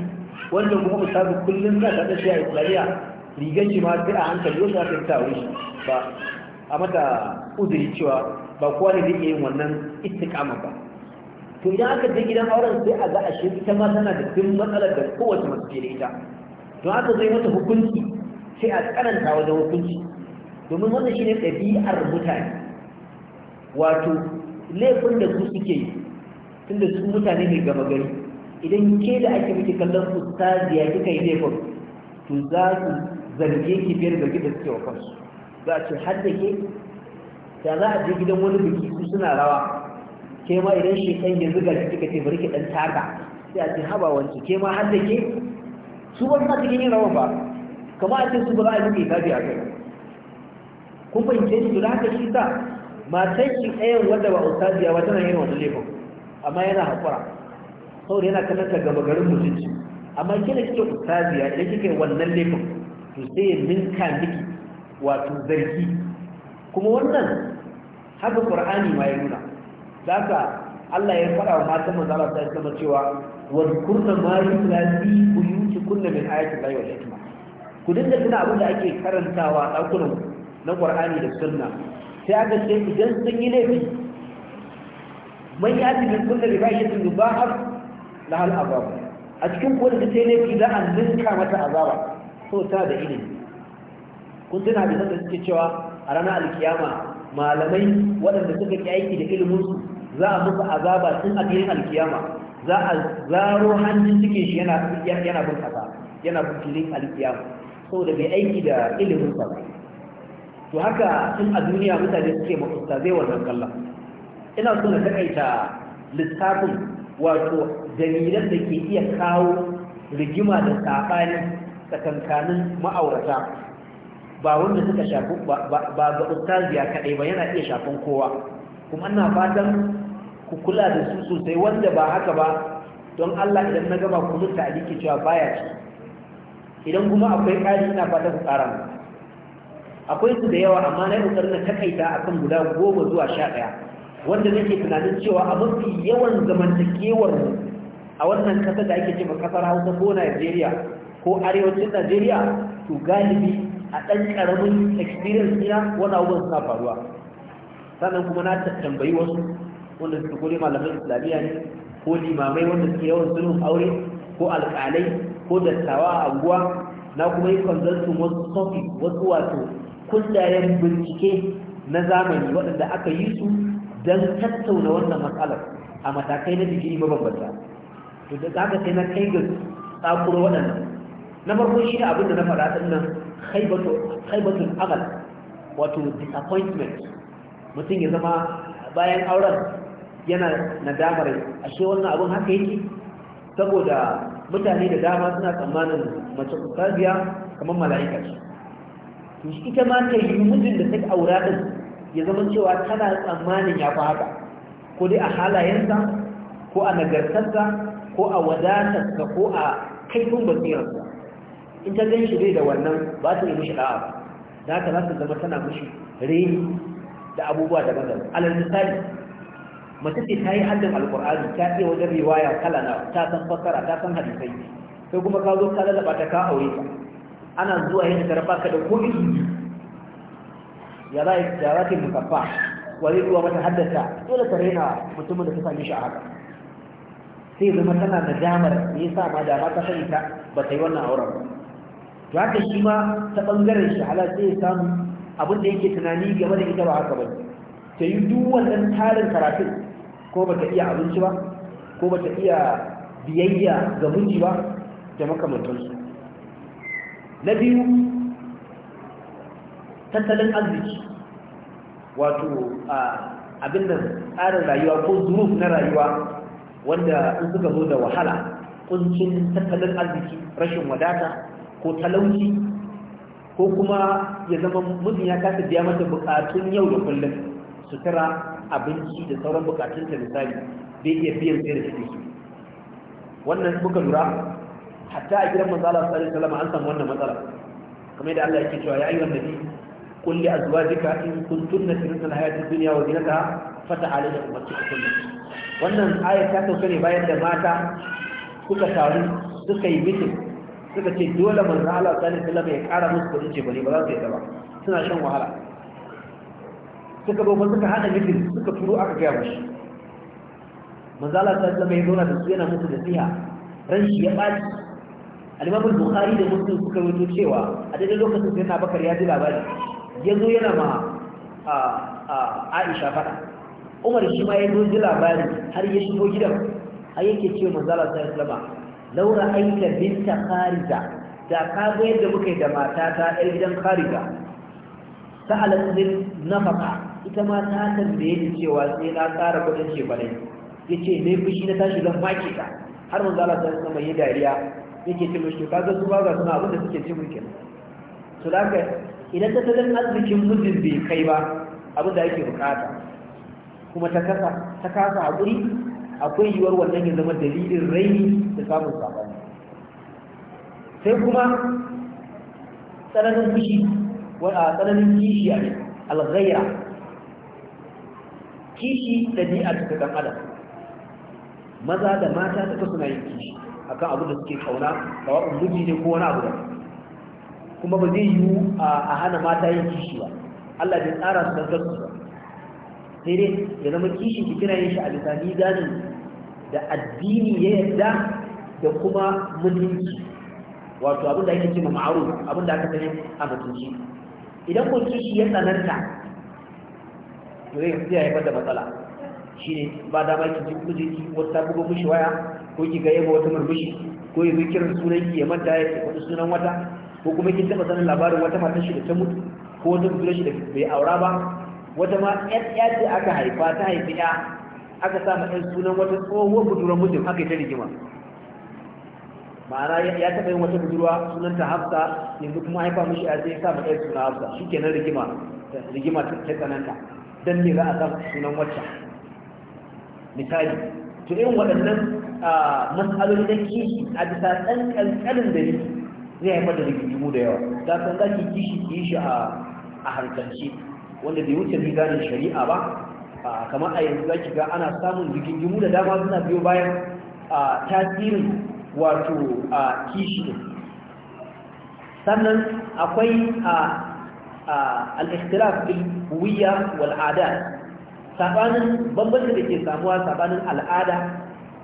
wanda kuma mu sabu kullum za ta tashi a islamiyya rigar shi ma sai a hankali wasu sa ta wuri ba a mata uzuri cewa ba kowa ne zai iya yin wannan istiqama ba to idan aka je gidan auren sai a ga ashe ita ma tana da duk matsalar da kowace masu ke da ita to aka zai mata hukunci sai a tsananta wajen hukunci domin wannan shine ɗabi'ar mutane wato laifin da su suke yi tunda su mutane ne gama gari idan ke da ake miki kallon ustaziya kika yi laifin to za su zarge ki biyar da suke kansu za a ce har da ke da za a je gidan wani biki su suna rawa ke ma idan kan ya ga da kika ce bari ki dan taka sai a ce haba wanki ke ma har da ke su ba suna cikin yin rawan ba kamar a ce su ba za a yi zabi a kai kun fahimce su da haka shi sa matan shi ɗayan wanda ba ustaziya ba tana yin wani laifin amma yana haƙura saboda yana kallon ta gaba garin mutunci amma kina kike ustaziya idan kike wannan laifin to sai ya minka miki wato zargi kuma wannan haka qur'ani ma ya nuna haka Allah ya fara wa matan manzo Allah sai kuma cewa wa kunna ma yutla fi buyuti kunna min ayati Allah wal hikma ku dinga tuna abin da ake karantawa dakunan na Qur'ani da Sunna sai aka ce idan sun yi laifi man yati min kunna bi baishatin yubahar la hal azab a cikin kowane da sai laifi za a ninka mata azaba so ta da ilimi kun tuna da suke cewa a ranar alkiyama malamai waɗanda suka ƙi aiki da ilimin su za a musu azaba tun a filin alkiyama za a zaro hannun cikin shi yana yana bin kasa yana bin filin alkiyama saboda bai aiki da ilimin sa to haka tun a duniya mutane suke mafusta zai wannan kallon ina so na takaita lissafin wato dalilan da ke iya kawo rigima da saɓani tsakankanin ma'aurata ba wanda suka shafi ba ga ustaziya kaɗai ba yana iya shafin kowa kuma ina fatan ku kula da su sosai wanda ba haka ba don Allah idan na gaba ku zuta alike cewa baya ci idan kuma akwai ƙari ina fata ku ƙara akwai su da yawa amma na ƙoƙarin na takaita akan guda goma zuwa sha ɗaya wanda nake tunanin cewa a mafi yawan zamantakewar mu a wannan kasar da ake ce ma ƙasar hausa ko najeriya ko arewacin najeriya to galibi a ɗan ƙaramin experience ɗina wani abubuwan suna faruwa sannan kuma na tambayi wasu wanda suka koli malaman islamiyya ne ko limamai wanda suke yawan sulhun aure ko alƙalai ko dattawa a anguwa na kuma yi konsultin wasu kofi wasu wato kundayen bincike na zamani waɗanda aka yi su don tattauna wannan matsalar a matakai na digiri mabambanta to da haka sai na kai ga tsakuro waɗannan na farko shi ne abin da na faɗa ɗin nan haibatun amal wato disappointment mutum ya zama bayan auren yana nadamar ashe wannan abin haka yake saboda mutane da dama suna tsammanin mace ustaziya kamar mala'ika ce to ita ma ta yi mijin da take aura din ya zama cewa tana tsammanin ya fi haka ko dai a halayensa ko a nagartarsa ko a wadatarsa ko a kaifin basirarsa in ta gan dai da wannan ba ta yi mishi da'a da haka za ta zama tana mishi reni da abubuwa daban-daban alal misali mace ce ta yi haddin alkur'ani ta iya wajen riwaya kala na ta san fassara ta san hadisai sai kuma ka zo ka lalaba ta ka aure ta ana zuwa yin karfa ka da ko izini ya za ya za ta mukaffa wani ruwa mata haddasa dole ta raina mutumin da ta sami shi a haka sai zama tana da damar ne sa ma dama ta sani ta ba ta yi wannan auren ba to haka shi ma ta bangaren shi halal sai ya samu abin da yake tunani game da ita ba haka ba ta yi duk wannan tarin karatun ko bata iya abinci ba ko bata iya biyayya ga miji ba da makamantansu na biyu tattalin arziki wato abin da tsarin rayuwa ko zuruf na rayuwa wanda in suka zo da wahala kuncin tattalin arziki rashin wadata ko talauci ko kuma ya zama mutum ya kasa biya mata bukatun yau da kullum sutura abinci da sauran bukatun ta misali bai iya biyan sai da take su wannan muka lura hatta a gidan manzala Allah sallallahu alaihi wasallam an samu wannan matsala kamar yadda Allah yake cewa ya ayyuhan nabi qul li azwajika in kuntunna turidna al haya ad-dunya wa zinataha fata alayna ummatukum wannan aya ta sauka ne bayan da mata suka taru suka yi mitin suka ce dole manzala Allah sallallahu alaihi wasallam ya kara musu kudin ce bane ba za su yi ba suna shan wahala suka zo suka hada mitin suka turo aka gaya mushi manzo Allah ta zama ya zauna da su yana musu nasiha ran shi ya baci al-Imam al-Bukhari da Muslim suka rubuto cewa a daidai lokacin sai na Bakar ya ji labari yazo yana ma a a Aisha fada Umar shi ma yazo ji labari har ya shigo gidan har yake cewa manzo Allah ta zama laura aika binta Kharija da ka ga yadda muke da matata ɗan gidan Kharija sa'alatin nafaka ita ma ta tambaye ta cewa sai na tsara kudin shekarai ya ce mai fushi na tashi zan maki ka har manzo Allah sai sama yi dariya yake ce mishi ka ga su ba ga suna abin da suke ce mulkin to da ka idan ta tadan arzikin mutum bai kai ba abin da yake bukata kuma ta kasa ta kasa hakuri akwai yiwuwar wannan ya zama dalilin raini da samun sabani sai kuma tsananin fushi wa tsananin kishi a alghaira kishi ɗabi'a ta ɗan adam maza da mata duka suna yin kishi akan abu da suke kauna da waɗin miji ne ko wani abu da kuma ba zai yiwu a hana mata yin kishi ba Allah bai tsara su don ba sai dai ya zama kishi ki kira yin shi a bisa mizanin da addini ya yarda da kuma mutunci wato abin da ake cewa ma'aruf abin da aka sani a mutunci idan ko kishi ya tsananta to zai zai haifar da matsala shi ne ba da ba ki ji mijinki wata buga mishi waya ko ki ga yaba wata murmushi ko ya zo kiran sunan ki ya manta ya faɗi sunan wata ko kuma kin taba sanin labarin wata mata shi da ta mutu ko wata budurwar shi da bai aura ba wata ma 'yan ce aka haifa ta haifi ƴa aka sa ma ɗan sunan wata tsohuwar budurwar mijin aka yi ta rigima ma'ana ya taɓa yin wata budurwa sunan ta hafsa yanzu kuma haifa mishi ya zai sa ma ɗan suna hafsa shi kenan rigima rigima ta tsananta don ne za a samu sunan wacce misali to irin waɗannan matsaloli da kishi a bisa ɗan ƙanƙanin da ne zai haifar da rigingimu da yawa za ka za ki kishi ki shi a harkance wanda bai wuce riganin shari'a ba kamar a yanzu za ki ga ana samun rigingimu da dama suna biyo bayan tasirin wato kishi sannan akwai al-ikhtilaf wuya wa wal sabanin bambanci da ke samuwa sabanin al'ada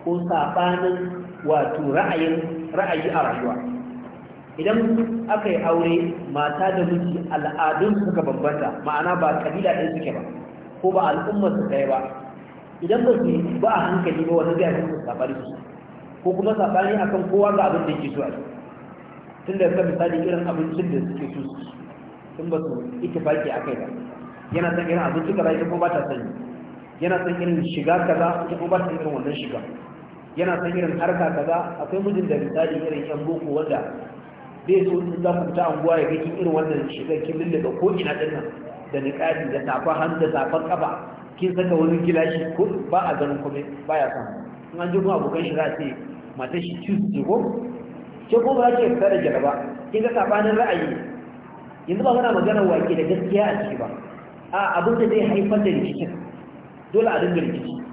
ko sabanin wato ra'ayin ra'ayi a rayuwa idan aka yi aure mata da miji al'adun suka bambanta ma'ana ba kabila ɗin suke ba ko ba al'ummar su ɗaya ba idan ba su ba a hankali ba wani zai hankali sabari su ko kuma a akan kowa ga abin da yake so a tun da ka misali irin abincin da suke so su in ba su a akai ba yana san irin abinci kaza ita ko ba ta sani yana san irin shiga kaza ita ko ba ta irin wannan shiga yana san irin harka kaza akwai mijin da misali irin yan boko wanda bai so in za ku fita anguwa ya gaki irin wannan shiga kin lulluɓe ko ina din nan da niƙafi da tafa hannu da safan ƙafa kin saka wani gilashi ko ba a ganin kome ba ya san. in an ji kuma abokan shi za a ce shi cikin ko ce ko ba za ta fita da jaraba kin ga sabanin ra'ayi yanzu ba wana magana waƙe da gaskiya a ciki ba a abin da zai haifar da rikicin dole a dinga rikici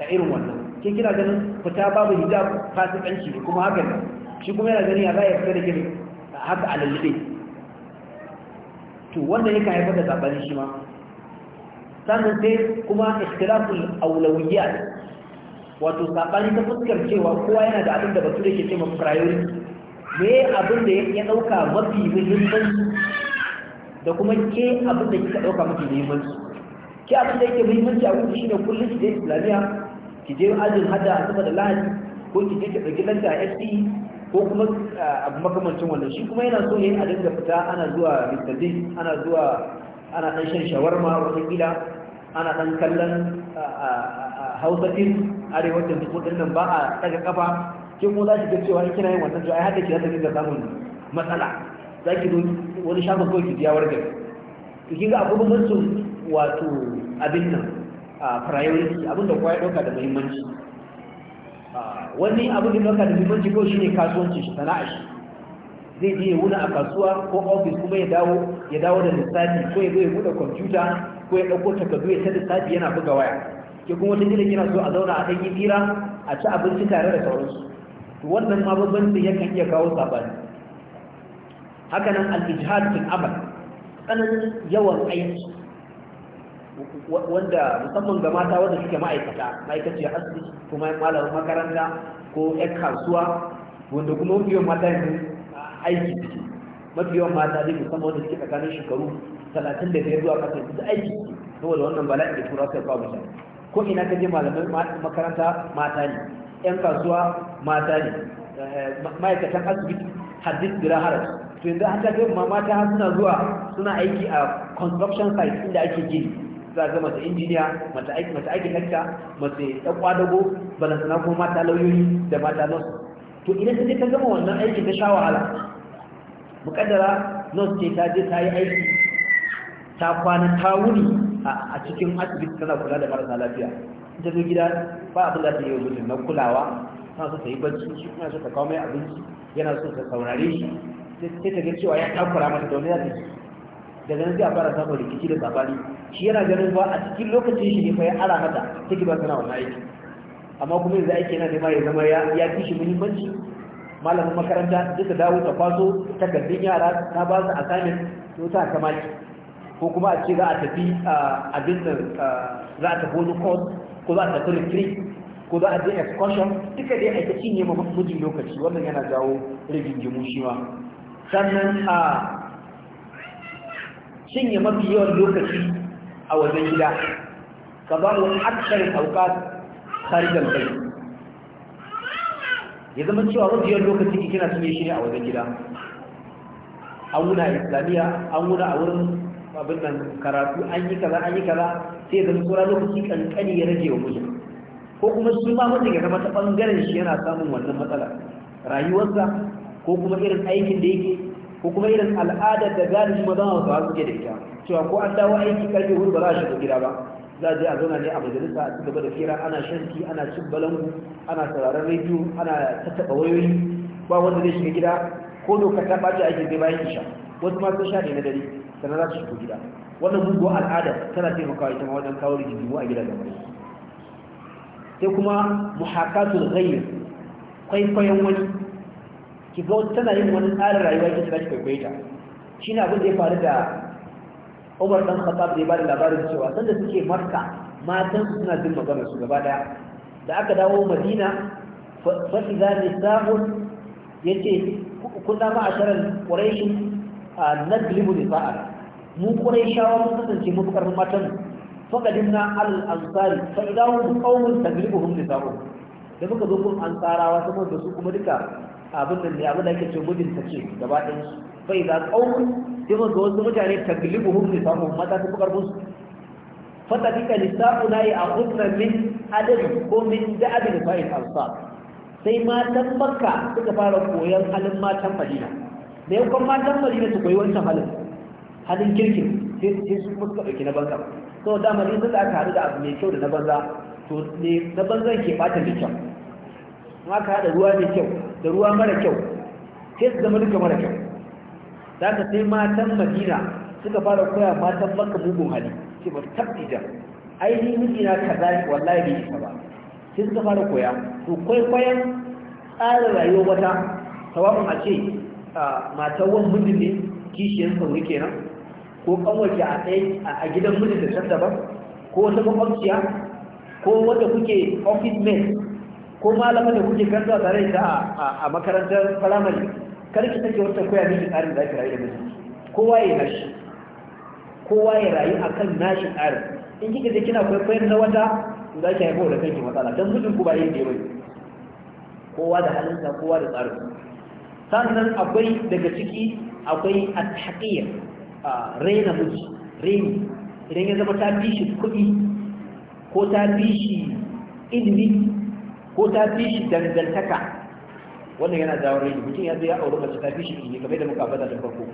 a irin wannan ke kira ganin fita babu hijab fasikanci kuma haka ne shi kuma yana gani ya za ya fita da gini haka a lalube to wannan ka haifar da zaɓari shi ma sannan sai kuma ikhtilaful aulawiyya wato sabani ta fuskar cewa kowa yana da abin da batu da ke cewa priority me abin da ya ɗauka mafi muhimmanci da kuma ke abin da kika ɗauka mafi muhimmanci ke abin da yake muhimmanci a wuce shine kullum ki je islamiya ki je ajin hada a sama da lahadi ko ki je ki ɗauki lanta a fce ko kuma ah, abu makamancin wannan shi kuma yana so ne a dinga fita ana zuwa mr ana zuwa ana ɗan shan shawarma wata gida ana ɗan kallon ah, ah, hausa film arewacin kudin nan ba a daga kafa Ke kuma za ki ga cewa kina yin wannan to ai haka ki za ta dinga samun matsala za ki zo wani shagon kawai ki biya wargar to kinga abubuwan masu wato abin nan a priority abin da kwaya ɗauka da muhimmanci wani abin da ɗauka da muhimmanci kawai shine kasuwanci shi sana'a shi zai je wuna a kasuwa ko ofis kuma ya dawo ya dawo da lissafi ko ya zo ya buɗe computer ko ya ɗauko takardu ya ta lissafi yana buga waya ke kuma wata gina kina so a zauna a ɗanyi fira a ci abinci tare da sauransu wannan ma babban sai yakan iya kawo sabani haka nan al-ijhad fil amal tsananin yawan aiki wanda musamman ga mata wanda suke ma'aikata ma'aikaciyar asibiti kuma malamin makaranta ko 'yan kasuwa wanda kuma mafi yawan mata yanzu aiki suke mafi yawan mata zai musamman wanda suke tsakanin shekaru talatin da biyar zuwa kasa yanzu da aiki suke saboda wannan bala'i da tura sai kawo mutane ko ina ka je malamin makaranta mata ne 'yan kasuwa mata ne eh, ma'aikatan asibiti hadis dira haras to yanzu an ta ma mata har suna zuwa suna aiki a construction site inda ake gini za ga mace injiniya masu aiki mace aiki hakka mace ɗan kwadago balantana kuma mata lauyoyi da mata nan. to idan ta je ta gama wannan aikin ta sha wahala mukaddara nurse ce ta je ta yi aiki ta kwana ta wuni a cikin asibiti tana kula da marasa lafiya ita zo gida ba abin da ta yi wajen na kulawa tana so ta yi bacci shi kuma so ta kawo mai abinci yana so ta saurare shi sai ta ga cewa ya takura mata da wani za ce daga nan sai a fara samun rikici da sabani shi yana ganin ba a cikin lokacin shi ne fa ya ara mata take ba tana wani aiki amma kuma yanzu aiki yana nema ya zama ya fi shi muhimmanci malamin makaranta duka dawo ta kwaso takardun yara ta ba su assignment to ta kamaki ko kuma a ce za a tafi abin da za a tafi wani course ko za a tafi retreat ko za a je excursion duka dai aikaci ne ma mijin lokaci wannan yana jawo rigingimu shi ma sannan a cinye mafi yawan lokaci a wajen gida ka ba mu akshar sauka tarihin kai ya zama cewa mafi yawan lokaci kina cinye shi ne a wajen gida an wuna islamiyya an wuna a wurin abin nan karatu an yi kaza an yi kaza sai zama tsora lokaci kankani ya rage wa mutum ko kuma su ma mutum ya zama ta bangaren shi yana samun wannan matsala rayuwarsa ko kuma irin aikin da yake ko kuma irin al'adar da galibi mazan hausawa suke da ita cewa ko an dawo aiki karfe hudu ba za a shiga gida ba za a je a zauna ne a majalisa a cigaba da kira ana shan tea ana cin balangu ana sauraron rediyo ana tattaɓa wayoyi ba wanda zai shiga gida ko doka ta ɓaci ake zai bayan isha wasu ma sun sha ne na dare sannan za su shigo gida wannan mugu al'ada tana taimakawa ita ma wajen kawo rigingimu a gida gaba sai kuma muhakatul ghayr kwaikwayon wani ki ga wata tana yin wani tsarin rayuwa ki tsaki kwaikwaye ta shi ne abin da ya faru da Umar dan Khattab da ya bada labarin cewa sanda suke Makka matan su suna jin magana su gaba daya da aka dawo Madina fa idza nisa'un yace kunna ma'asharal quraish nadlibu nisa'an mu quraishawa mun kasance mu karɓar matan fa kadinna al ansari fa idza qawmun tadlibuhum nisa'un da muka zo kun an tsarawa saboda su kuma duka abin da ne abin da ake ce gudun ta ce gaba ɗin su bai za ƙaunin sai mun ga wasu mutane taglibu hun ne samu mata su bukar musu fata fika na yi a kunna min adadi ko min da adadi fa'in alfa sai matan makka suka fara koyon halin matan madina da yau kuma matan madina su koyi wancan halin halin kirkin sai su suka ɗauki na banza sau da madina suka aka haɗu da abu mai kyau da na banza to ne na banza ke ɓata mai kyau ma aka haɗa ruwa mai kyau da ruwa mara kyau ke su zama duka mara kyau za ka sai matan madina suka fara koya matan baka mugun hali ce ba tabbija ainihin mijina kaza wallahi bai isa ba sai suka fara koya to kwaikwayon tsarin rayuwar wata sawa'un a ce matan wani mijin ne kishiyar sauri kenan ko kanwace a tsaye a gidan mijin da can daban ko wata makwabciya ko wanda kuke office mate ko malamin da kuke kan a tare da a makarantar firamare kar ki take wata koya miki tsarin da ake rayu da miji kowa ya nashi kowa ya rayu akan nashi tsarin in kika je kina kwaikwayon na wata za ki haifar da kanki matsala don mutum ku ba yin da ya kowa da halinsa kowa da tsarin sannan akwai daga ciki akwai at-haqiyya raina miji raini idan ya zama ta fishi kuɗi ko ta fishi ilimi ko ta fi shi dangantaka wannan yana jawo rai mutum ya zo ya auri mace ta fi shi ne kamar da muka faɗa da farko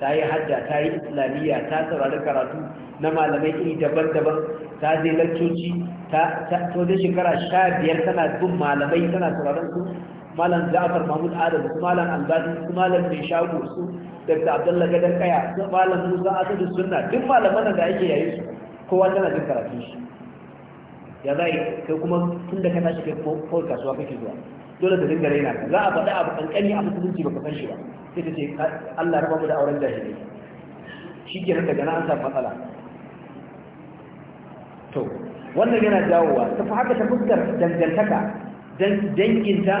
ta yi hajja ta yi islamiyya ta saurari karatu na malamai iri daban-daban ta je lakcoci ta wajen shekara sha biyar tana bin malamai tana sauraron su malam za'afar mahmud adam su malam albani su malam mai shago su dr abdullah gadan kaya su malam musa asadu sunna duk malaman da ake yayi su kowa tana jin karatun shi ya za yi kai kuma tun da ka tashi kai kowar kasuwa kake zuwa dole da dinga raina za a faɗi abu kankani a musulunci ka san shi ba sai ta ce Allah raba mu da auren jahili shi ke daga na an samu matsala to wannan yana jawowa ta fi haka ta fuskar dangantaka danginta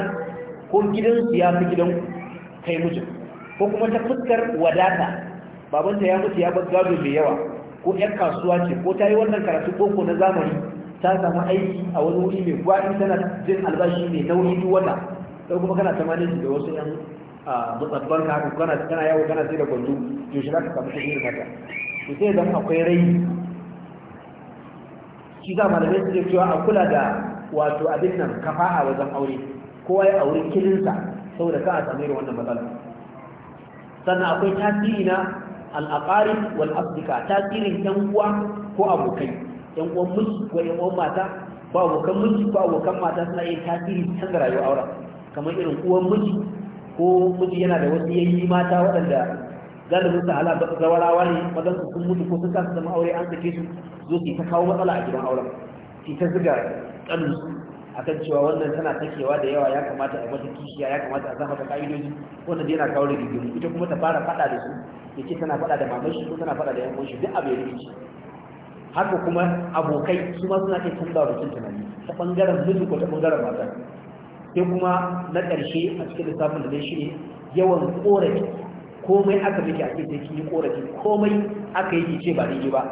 ko gidan ya fi gidan kai mutu ko kuma ta fuskar wadata babanta ya mutu ya bar gado mai yawa ko 'yan kasuwa ce ko ta yi wannan karatu ko ko na zamani ta samu aiki a wani wuri mai gwani tana jin albashi mai nauyi duk wata sai kuma kana tamanin da wasu yan matsabban ka haka kana kana yawo kana sai da gwanzo to shi ka samu kuɗi da mata to sai zan akwai rai shi za malamai suke cewa a kula da wato abin nan kafa a wajen aure kowa ya aure kilinsa saboda ka a samu irin wannan matsala sannan akwai tasiri na al'aqari wal asdika tasirin yan uwa ko abokai yan uwan miji ko yan uwan mata ba abokan miji ko abokan mata suna yin tasiri da rayuwar auren kamar irin uwan miji ko miji yana da wasu yayi mata waɗanda galibin su hala ba zawarawa ne wajen su sun mutu ko sun kasa zama aure an sake su zo su ta kawo matsala a gidan auren su ta ziga a akan cewa wannan tana takewa da yawa ya kamata a mata kishiya ya kamata a zama ta ka'idoji wannan yana kawo rigingimu ita kuma ta fara faɗa da su ya ce tana faɗa da mamashi ko tana faɗa da yan uwan shi duk abu ya rikici haka kuma abokai su ma suna iya canza mutum tunani ta bangaren miji ko ta bangaren mata sai kuma na ƙarshe a cikin lissafin da zai shi ne yawan ƙorafi komai aka miki a cikin sai yi ƙorafi komai aka yi ce ba daidai ba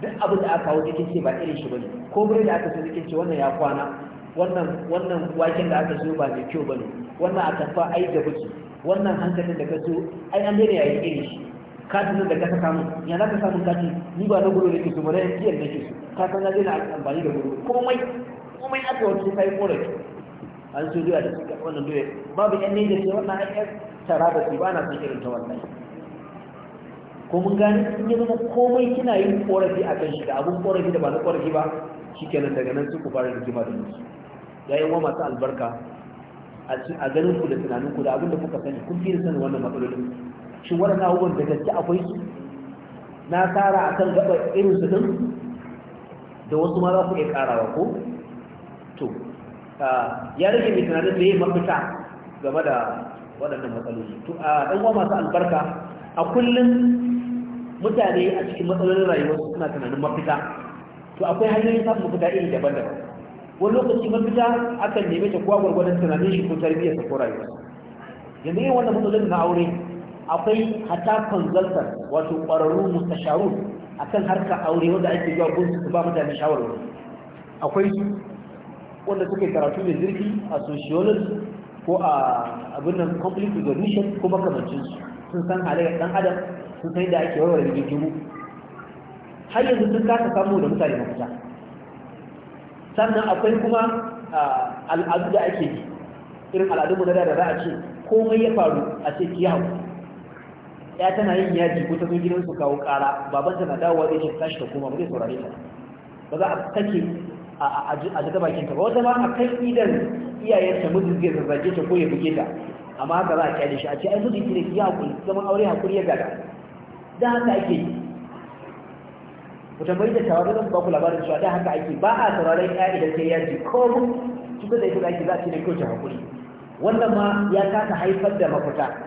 duk abin da aka kawo cikin ce ba irin shi ba ne, komai da aka so cikin ce wannan ya kwana wannan wannan waken da aka zo ba mai kyau ba ne, wannan a tafa ai da buki wannan hankalin da ka zo ai an daina yayi irin shi katin da ka saka mun ya za ka samun katin ni ba na gudu da ke su ba na yankiyar da su ka san na daina amfani da gudu komai komai aka wacce ta yi korafi an su doya da suka wannan doya babu yan ne da ke wannan hanyar tara da su ba na san irin ta wannan ko mun gani in yi zama komai kina yin korafi a kan shi da abun korafi da ba na korafi ba shi kenan daga nan su ku fara rigima da musu ya yi wa masu albarka a ganin ku da tunanin ku da abin da kuka sani kun fi sanin wannan matsalolin shin waɗannan abubuwan da gaske akwai su na tsara a kan gaba irin su din da wasu ma za ku iya ƙarawa ko to ya rage mai tunanin da ya mafita game da waɗannan matsaloli to a ɗan uwa masu albarka a kullum mutane a cikin matsalolin rayuwarsu suna tunanin mafita to akwai hanyoyin samun mafita iri daban-daban wani lokaci mafita akan neme ta kuwa gwargwadon tunanin shi ko tarbiyyar sa ko rayuwa yanzu yin wannan matsalolin na aure akwai hata consultant wato ƙwararru a akan harka aure wanda ake zuwa gun su ba mutane shawarwari akwai wanda suka karatu mai zirfi a sociology ko a abin nan conflict resolution ko makamancin su sun san halayyar dan adam sun san da ake warware jimu har yanzu sun kasa samu da mutane mafita sannan akwai kuma al'adu da ake yi irin al'adunmu na da za a ce komai ya faru a ce ki hawa ya tana yin yaji ko ta zo gidansu kawo kara baban ta na dawowa zai ce tashi ta koma ba zai saurare ta ba za a sake a daga bakin ta ba wata ma a kan idan iyayenta mijin zai zazzage ta ko ya buge ta amma haka za a kyale shi a ce ai mijin ki da ki hakuri zaman aure hakuri ya gada da haka ake yi ku tambayi da tawaga zan ba ku labarin cewa da haka ake ba a sauraron ya idan sai yaji ko mu kika da ake za a ce ne da kyau ta hakuri wannan ma ya kasa haifar da mafita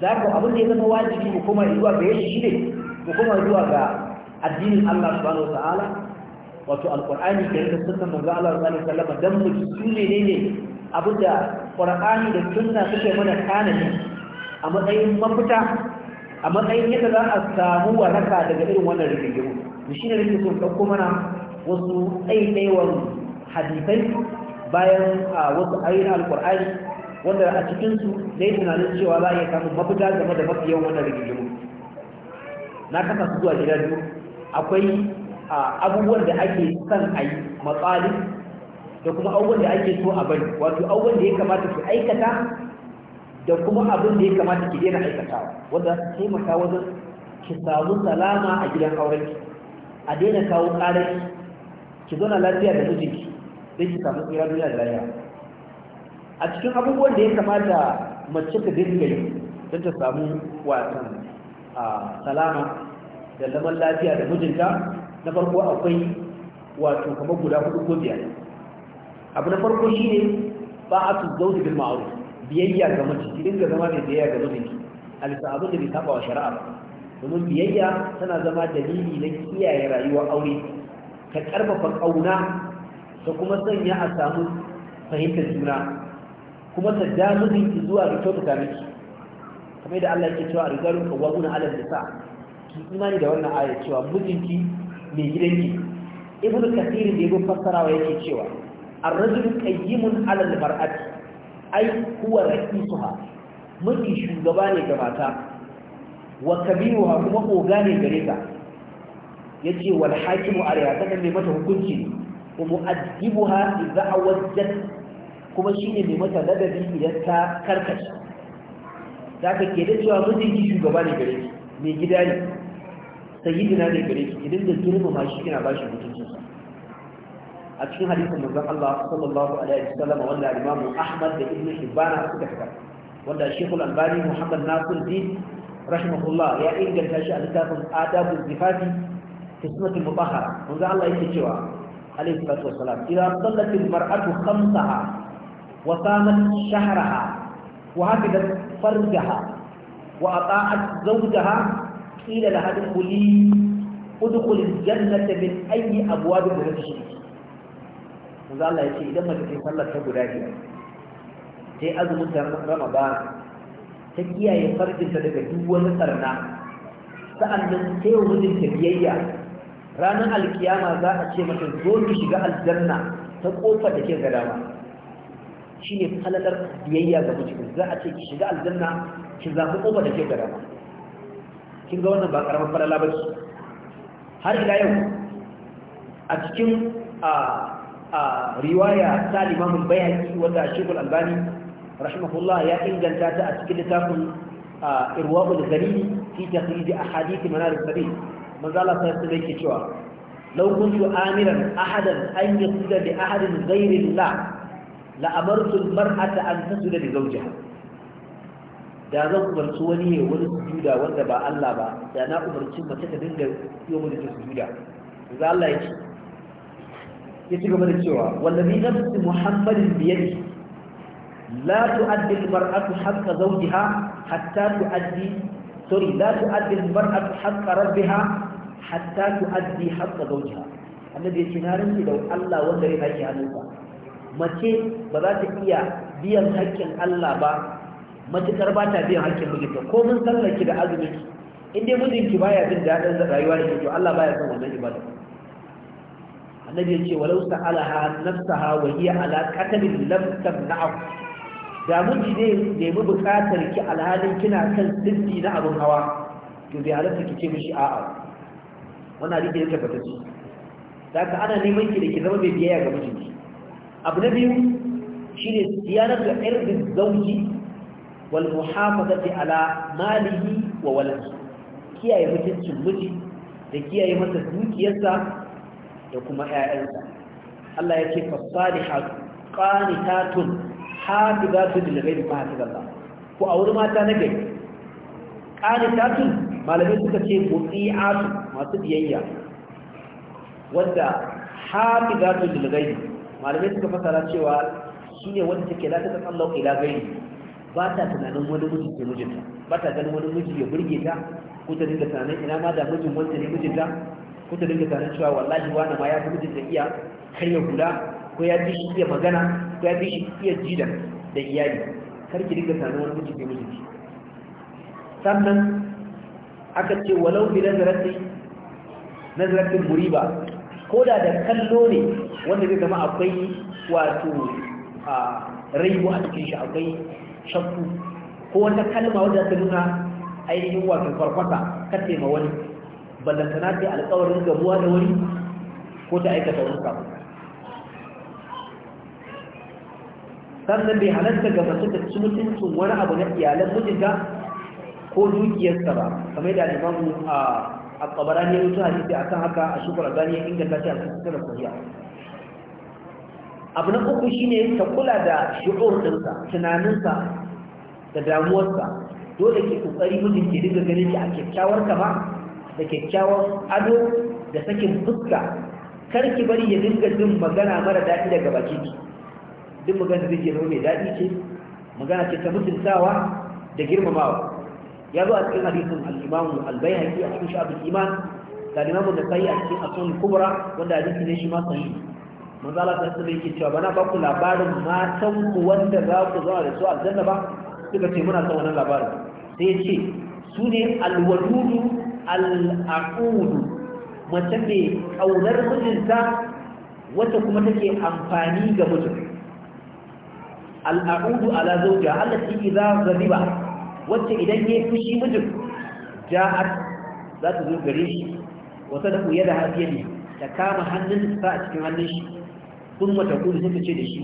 Za ku abin da ya zama wajibi mu kuma zuwa ga yashi shi ne mu kuma zuwa ga addinin Allah subhanahu wa ta'ala wato alqur'ani da yake sunnan manzo Allah sallallahu alaihi wasallam dan mu sune ne ne abin da qur'ani da sunna suke mana tanani a matsayin mafita a matsayin yadda za a samu waraka daga irin wannan rigingimu da shi ne nake son ɗauko mana wasu ɗaiɗaiwan hadisai bayan wasu ayyana alƙur'ani wanda a cikin su yi tunanin cewa za a iya samun mafita game da mafi yawan wannan rigingimu na kasa su zuwa gidan duk akwai abubuwan da ake son a yi matsalin da kuma abubuwan da ake so a bari wato abubuwan da ya kamata ki aikata da kuma abin da ya kamata ki daina aikatawa wanda su taimaka wajen ki samu salama a gidan aurenki a daina kawo ƙarar ki zauna lafiya da mijinki don ki samu tsira duniya da lafiya a cikin abubuwan da ya kamata mace ta dinga yi don ta samu wasan salama da zaman lafiya da mijinta na farko akwai wato kamar guda hudu ko biyar abu na farko shine ba a zau da bilma'aru biyayya ga mace ki dinga zama da biyayya ga mijinki a bisa abin da bai saba wa shari'a ba domin biyayya tana zama dalili na kiyaye rayuwar aure ka karfafa kauna da kuma sanya a samu fahimtar juna kuma ta ja mijinki zuwa ga kyautata miki kamar da Allah yake cewa a rigarun kawaguna alal nisa ki imani da wannan aya cewa mijinki mai gidanki ibn kathirin da yabo fassarawa yake cewa ar-rajulu qayyimun alal mar'ati ai huwa ra'isuha miji shugaba ne ga mata wa kabiruha kuma oga ne gare ta yace wal hakimu alaiha sanan mai mata hukunci ne wa mu'addibuha idza awajjat kuma shi ne mai mata ladabi idan ta karkace za ka ke da cewa mijinki shugaba ne gare shi mai gida ne sayyidina ne gare shi idan da ma shi kina bashi mutuncinsa a cikin hadisin manzon Allah sallallahu alaihi wasallam wanda Imam Ahmad da Ibn Hibban suka fada wanda Sheikh Al-Albani Muhammad Nasir Din rahimahullah ya inganta shi a littafin Adabul Zifafi ta Sunnatul Mutahhara manzon Allah yake cewa alaihi salatu wasalam idza sallat al-mar'atu khamsaha وصامت شهرها وهكذا فرجها وأطاعت زوجها قيل لها ادخلي ادخل الجنة من أي أبواب تخشي وذا الله يشي إذا ما تكي صلى تبو راجع تي أزمت رمضان تكيا يفرج صدق دول قرنا sa'annan sai wajen biyayya ranar alkiyama za a ce mata zo ki shiga aljanna ta kofa da ke gada ba shine falalar biyayya ga mijin za a ce ki shiga aljanna ki zabi uba da ke gara kin ga wannan ba ƙaramin falala ba ce har ila yau a cikin a riwaya ta limamin bayani wanda shekul albani rahimahullah ya inganta ta a cikin littafin irwabu da zalili fi taqlidi ahadith manar sabil manzo Allah sai zai ke cewa law kuntu amiran ahadan an yusda li ahadin zairin Allah la'amartul mar'ata an tasjuda li zawjiha da zan umarci wani ya wani sujuda wanda ba Allah ba da na umarci mace ta dinga yi wani sujuda yanzu Allah ya ce ya ci gaba da cewa wallabi nafsi muhammadin biyadi la tu'addi al-mar'atu haqqa zawjiha hatta tu'addi sorry la tu'addi al-mar'atu haqqa rabbiha hatta tu'addi haqqa zawjiha annabi ya ce na rinki da Allah wanda ya baki hannunsa mace ba za ta iya biyan hakkin Allah ba tar ba ta biyan haƙƙin mijinta ko mun sallaki da azumi in dai mijinki baya jin daɗin rayuwa da to Allah baya son wannan ibada annabi ya ce walau sa'alaha nafsaha wa hiya ala qatalin lam tamna'u da miji ne mu bukatar ki alhalin kina kan sirri na abun hawa to bai halatta ki ce mishi a'a wannan rike ya tabbata ce da ana neman ki da ki zama mai biyayya ga mijinki abu na biyu ne siyanar da irbin zauji wal muhafazati ala malihi wa waladihi kiyaye mutuncin miji da kiyaye masa dukiyarsa da kuma ƴaƴansa Allah ya ce fasalihatu qanitatun da lil ma fa hafizallah ko a wuri mata na gari qanitatun malamai suka ce a'su masu biyayya wanda hafizatun da ghaibi malamai suka fasara cewa shi ne wanda take la ta san Allah ila gairi ba ta tunanin wani miji ke mijinta ba ta ganin wani miji ya burge ta ko ta dinga tunanin ina ma da mijin wanda ne mijinta ko ta dinga tunanin cewa wallahi wani ma ya fi ta iya kai ya hula ko ya fi shi iya magana ko ya fi shi iya jida da iyali kar ki dinga tunanin wani miji ke mijinta sannan aka ce walau bi nazarati nazarati muriba ko da da kallo ne wanda zai zama akwai wato a raibu a cikin shi akwai shakku ko wata kalma wadda ta nuna ainihin wato farfasa kace ma wani ballantana ta alƙawarin gabuwa da wani ko ta aikata wani kafin sannan bai halarta ga masu da ci mutuncin wani abu na iyalan mijinta ko dukiyarsa ba kamar da limamu a mutu a kan haka a هكا الشكر الثاني إنك shi على سنة صحيحة abu na uku ne ta kula da shi'ur ɗinsa tunaninsa da damuwarsa dole ke kokari mutum ke dinga ganin shi a kyakkyawar kama da kyakkyawar ado da sakin fuska kar ki bari ya dinga jin magana mara daɗi daga baki ki duk magana da zai mai daɗi ce magana ce ta mutuntawa da girmamawa ya zo a cikin hadisin al-imamu al a cikin shabul iman da imamu da sai a cikin asun kubra wanda hadisi ne shi ma sahih manzo Allah ta tsare yake cewa bana ba ku labarin matan ku wanda za ku zo da su aljanna ba suka ce muna son wannan labarin sai ya ce su ne alwadudu wadudu al-aqudu mace mai kaunar mijinta wata kuma take amfani ga mijin al'aqudu ala zawja allati idza ghadiba wacce idan ya yi fushi mijin ja'at za ta zo gare shi wata da kuya da hafiya ne ta kama hannun ta a cikin hannun shi kun mata kudu suka ce da shi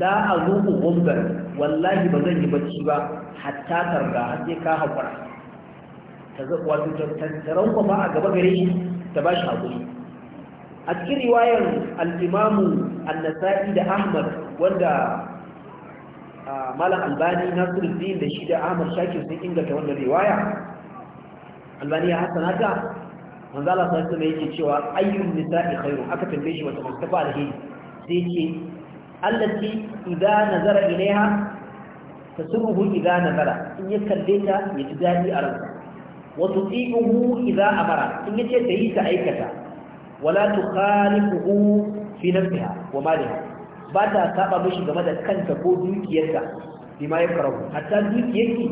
la a zuku wallahi ba zan yi bacci ba hatta karga har sai ka haƙura ta ta ranko ba a gaba gare shi ta ba shi haƙuri a cikin riwayar al'imamu annasa'i da ahmad wanda malam albani nasiruddin da shi da ahmad shakir sun inganta wannan riwaya albani ya hasana ta manzo Allah sai kuma yake cewa ayyun nisa'i khairu aka tambaye shi wata mustafa alheri sai yace allati idza nazara ilaiha tasurruhu idza nazara in ya kalle ta ya ji dadi a ransa wa tuti'uhu idza amara in ya ce ta yi ta aikata wala tukhalifuhu fi nafsiha wa maliha ba ta saba mishi game da kanta ko dukiyarta bima ya karau hatta dukiyarki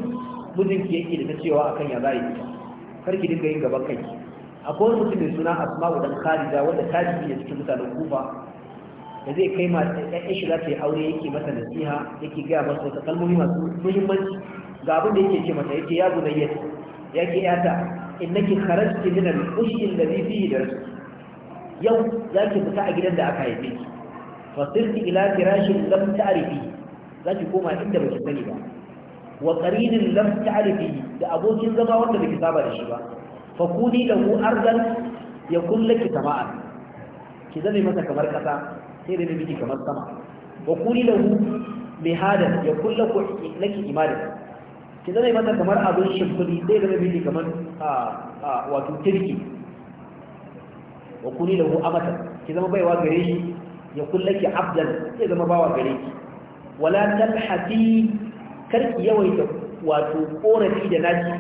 mijinki yake da ta cewa akan ya zai ita karki dinga yin gaban kai akwai wani mutum mai suna asma'u dan kharija wanda ji ne cikin mutanen kufa da zai kai ma ɗan shi za ta yi aure yake mata nasiha yake gaya masa wata kalmomi masu muhimmanci ga abin da yake ce mata yake ya bunayya yake yata innaki kharajti min al-ushi alladhi fihi darasu yau zaki fita a gidan da aka haife ki fasirti ila firashin lam ta'rifi zaki koma inda baki sani ba wa qarinin lam ta'rifi da abokin zama wanda baki saba da shi ba fakuni lahu ardan yakun laki sama'a ki zame masa kamar kasa sai da miki kamar sama wa kuni lahu mihada yakun laku laki imada ki zame masa kamar abin shimfidi sai wato amata ki zama baiwa gare shi ya kullaki abdan sai zama bawa gare ki wala talhati karki yawaita wato korafi da naki,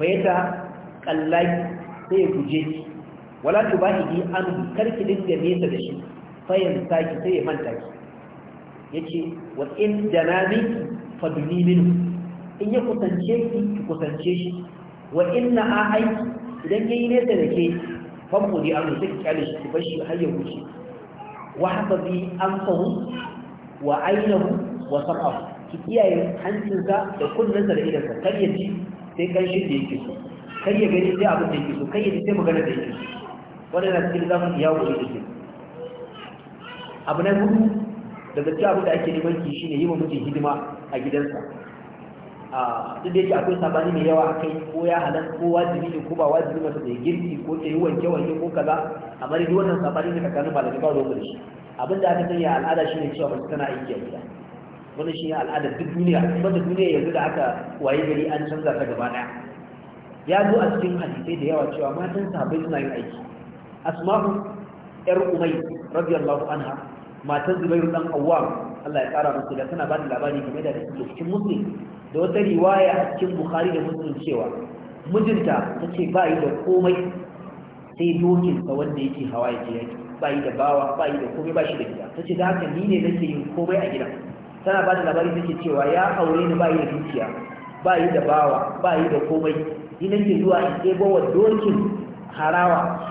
fayata kallaki sai ya guje ki wala tubahi an karki dinga nesa da shi fayan saki sai ya manta ki yace wa in janami faduni min in ya kusance ki ki kusance shi wa inna a aiki idan yayi nesa da ke famudi an sai ki kyale shi ki bar shi har ya wuce wa hafazi anfahu wa ainahu wa sar'ahu ki kiyaye hancinsa da kunnensa da idansa kar ya ji sai kanshin da yake so kar ya gani sai abin da yake so kar ya ji sai magana da yake so wannan na cikin zamu yawo da yake abu na hudu daga cikin abin da ake neman ki shine yi wa mutum hidima a gidansa a duk da yake akwai sabani mai yawa kai ko ya halal ko wajibi ne ko ba wajibi mace da girki ko ta yi wanke wanke ko kaza amma duk wannan sabani ne tsakanin malamai ba ruwan shi abin da aka sanya al'ada al'ada shine cewa mace tana aiki a gida wannan shine al'adar duk duniya kuma da duniya yanzu da aka waye gari an canza ta gaba daya ya zo a cikin hadisai da yawa cewa matan sabai suna yin aiki asma'u yar umay radiyallahu anha matan zubairu dan awwam Allah ya kara musu da tana ba da labari game da cikin muslim da wata riwaya a cikin bukari da musulun cewa mijinta ta ce ba yi da komai sai dokinsa wanda yake hawa ya je ba yi da bawa ba yi da komai ba shi da gida ta ce da haka ni ne nake yin komai a gida tana ba da labari take cewa ya aure ni ba yi da dukiya ba yi da bawa ba yi da komai ni nake zuwa in ɗebo wa dokin harawa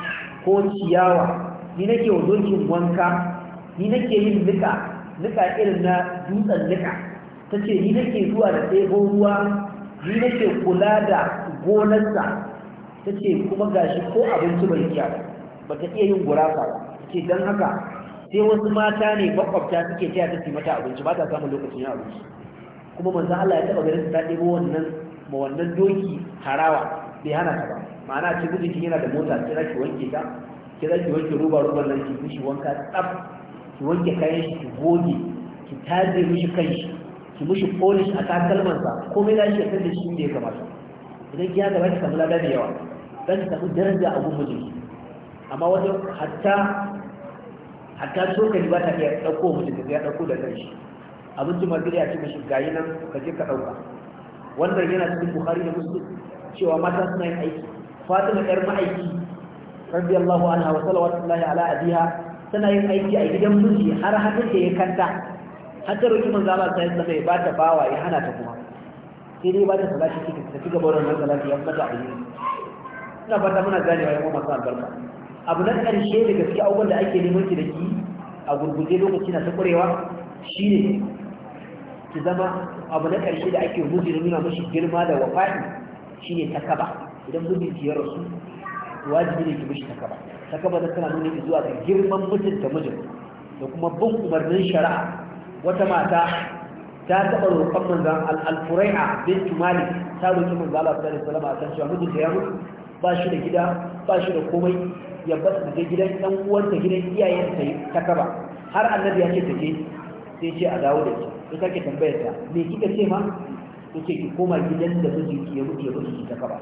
ko ciyawa ni nake wa dokin wanka ni nake yin nika nika irin na dutsen nika ta ce ni nake zuwa da ɗebo ruwa ni nake kula da gonarsa ta ce kuma gashi ko abinci bai kya ba ta iya yin gurafa ba ce don haka sai wasu mata ne bakwabta suke taya ta mata abinci ba ta samun lokacin yin abinci kuma manzo Allah ya taba garin ta ɗebo wannan ma wannan doki harawa bai hana ta ba ma'ana ce gudun yana da mota kira ki wanke ta kira ki wanke roba ruba nan ki shi wanka tsaf ki wanke kayan shi ki goge ki taje mishi kan shi ki mushi polish a takalmansa komai za shi ya san da shi da ya kamata idan ki haka baki samu lada da yawa dan ta samu daraja a gumbin jiki amma wajen hatta hatta tsokali ba ta iya dauko mu da ya dauko da kanshi abinci margari a ce, shi gayi nan ka je ka ɗauka wannan yana cikin bukhari da muslim cewa mata suna yin aiki fatima yar ma'aiki radiyallahu anha wa alaihi wa sallam tana yin aiki a gidan mulki har haka da ya kanta har ta roƙi manzo Allah sai ya ba ta bawa ya hana ta kuma sai dai ba ta salati take ta ci gaba da wannan salati ya mata ayi ina fata muna ganewa ya masu albarka abu na ƙarshe da gaske abubuwan da ake neman ki da ki a gurguje lokaci na ta shi ne ki zama abu na ƙarshe da ake guji da nuna mashi girma da wafa'i ne takaba idan mijinki ya rasu wajibi ne ki mashi takaba takaba da tana nuna zuwa ga girman mutunta mijin da kuma bin umarnin shari'a wata mata ta taɓa roƙon manzan al a bin tumali ta roƙi manzan Allah da alaihi a san cewa mijinta ya mutu ba shi da gida ba shi da komai ya su ta gidan ɗan uwanta gidan iyayen ta ta kaba har annabi ya ce ta ke, sai ce a dawo da ki sai take tambayar ta me kika ce ma ce ki koma gidan da mijinki ya mutu ya bar ki ta kaba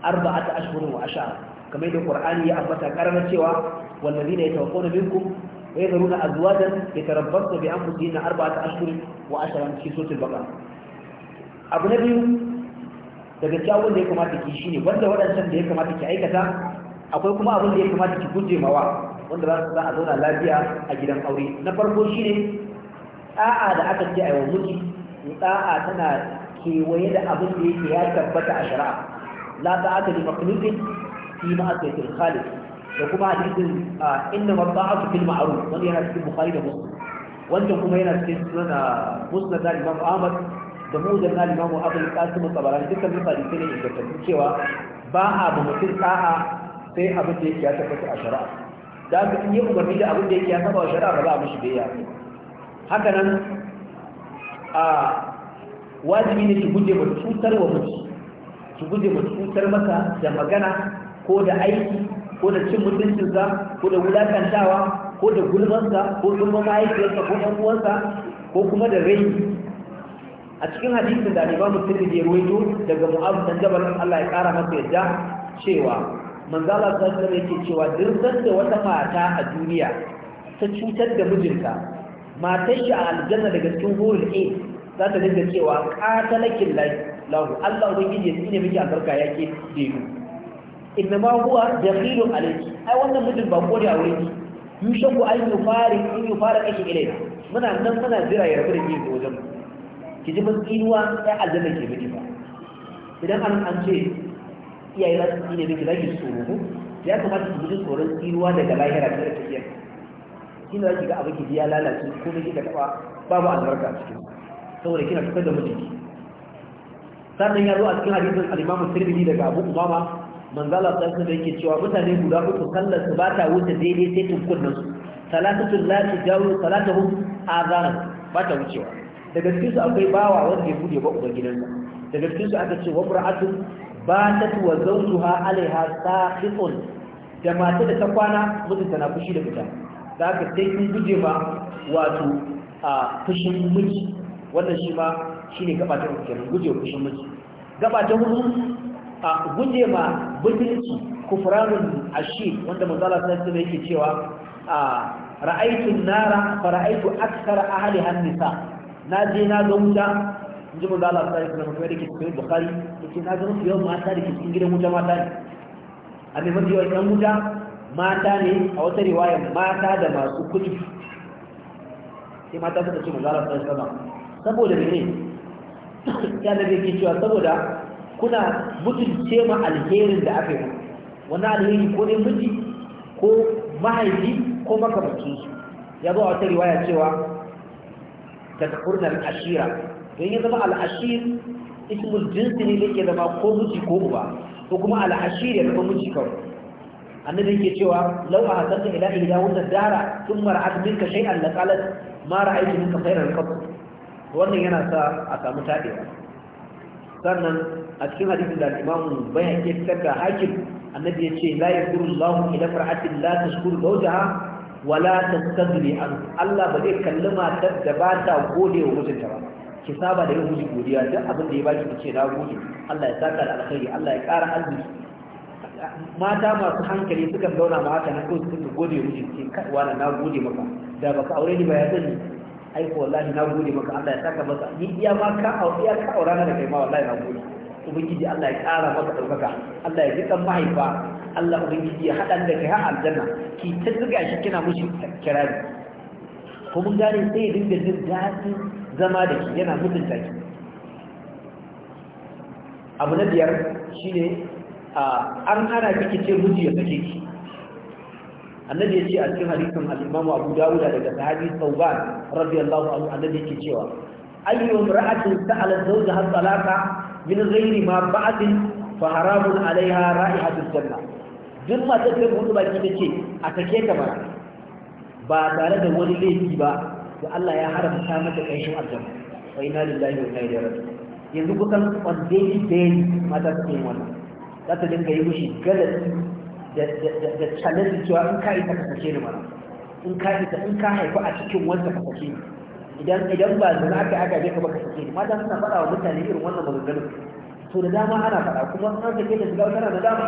ta ashirin wa ashara kamar da qur'ani ya ambata karamar cewa wallazina yatawaffawna minkum ويذرون أزواجا يتربصن بأنفسهن أربعة أشهر وعشرا في سورة البقرة أبو نبي daga cikin da ya kamata ki ne wanda waɗancan da ya kamata ki aikata akwai kuma abin da ya kamata ki guje mawa wanda za a zauna lafiya a gidan aure na farko shine da'a da aka ce aiwa muji da'a tana kewaye da abin da yake ya tabbata a shari'a la ta'ata li makhluqin fi ma'asiyatil khaliq da kuma hadisin inna mabba'atu fil ma'ruf wani yana cikin bukhari da muslim wancan kuma yana cikin sunan musnad da imam ahmad da muzan na limamu abul qasim tabarani dukkan misali sai ne ingantattu cewa ba a ba mutum sa'a sai abin da yake ya tabbata a shari'a da haka in yi umarni da abin da yake ya saba a shari'a ba za a mishi biyayya haka nan a wajibi ne ki guje wa cutar wa mutum ki guje wa cutar masa da magana ko da aiki ko da cin mutuncinsa ko da wulakantawa ko da gulmansa ko gulman mahaifiyarsa ko ɗan uwansa ko kuma da rai a cikin hadisin da Imam da ya rawaito daga mu'abu dan Jabal Allah ya kara masa yadda cewa manzo Allah sallallahu alaihi yake cewa dirsan da wata mata a duniya ta cutar da mijinta matar shi a aljanna daga cikin hurul A za ta dinga cewa qatalakin lahu Allah ubangiji ya tsine miki albarka yake dinu inna ma huwa dakhilun alayki ai wannan mutum ba kore a wurin yushaku an yufari in yufara kake ilai muna nan muna jira ya rabu da ke wajen ki ji mun tsinuwa sai aljanna ke miki ba idan an an ce iyaye za su tsine miki ki tsoro ku ya kamata ku ji tsoron tsinuwa daga lahira ta da tafiya kina zaki ga abin ki ya lalace ko miki ka taba babu albarka a cikin saboda kina tukar da mijinki sannan ya zo a cikin hadisin al-Imam Tirmidhi daga Abu Umama manzala ta su da yake cewa mutane guda uku kallon su ba ta wuce daidai sai tunkunan su salatatul lati jawu salatuhum azana ba ta wucewa daga cikin su akwai bawa wanda ya bude ba uban gidansa daga cikin su aka ce wa qur'atun batat wa zawjuha alaiha saqifun da mata da ta kwana mutum tana fushi da fita da aka sai kun guje ma wato a fushin miji wannan shi ma shine gaba ta kenan guje fushin miji gaba ta a guje ma butulci kufranun ashi wanda manzala ta ce yake cewa a ra'aitun nara fa ra'aitu aksar ahli hannisa na je na ga wuta inji manzala ta ce kuma kai dake cikin bukhari yace na gano musu yawan mata da cikin gidan wuta mata ne a ne mafi yawan yan wuta mata ne a wata riwaya mata da masu kuɗi sai mata suka ce manzala ta ce saboda mene ya da ke cewa saboda kuna mutunce ma alherin da aka yi wani alheri ko dai miji ko mahaifi ko makamancin su ya zo a wata riwaya cewa ta kurnar ashira don ya zama al'ashir ismul jinsi ne ke zama ko miji ko uba ko kuma al'ashir ya zama miji kawai annabi yake cewa lau'a a hasanta ila ila wannan dara sun mara'at minka shay'an la qalat ma ra'aytu minka khayran qat wannan yana sa a samu taɗewa sannan a cikin hadisin da imamu bayan ke fitar da hakim annabi ya ce la yakuru Allah ila far'atin la tashkuru zawjaha wa la tastadri an Allah ba zai kalli matar da ba ta gode wa mijinta ba ki saba da yin miji godiya duk abin da ya baki ki ce na gode Allah ya saka da alkhairi Allah ya ƙara arziki mata masu hankali sukan zauna ma haka na kawai suka gode wa mijinta. kai wala na gode maka da baka aure ni ba ya sani aiko wallahi na gode maka Allah ya saka maka ni iya ma ka au iya ka aura na kai ma wallahi na gode ubangiji Allah ya kara maka daukaka Allah ya ji dan mahaifa Allah ubangiji ya haɗa da kai har aljanna ki ta zuga shi kina mushi kirari ko mun gane sai ya dinga jin daɗin zama da ki yana mutunta ki abu na biyar shine an hana kike ce miji ya sake ki annabi yace a cikin hadisin al-Imam Abu Dawud daga sahabi Thawban radiyallahu anhu annabi yake cewa ayyu imra'atin sa'ala zawjaha talaqa min ghairi ma ba'din fa haramun 'alayha ra'ihatul janna duk mata ta mutu baki tace a take ta bara ba tare da wani laifi ba to Allah ya haramta mata kaishin aljanna wa inna lillahi wa inna ilaihi raji'un yanzu kusan on daily basis mata suke wannan za ta dinga yi mushi galati da challenge cewa in ka isa ka sake ni mana in ka isa in ka haifi a cikin wanda ka sake ni idan idan ba zana aka aka je ka baka sake ni mata suna faɗa wa mutane irin wannan maganganun to da dama ana faɗa kuma an sake da shiga tana da dama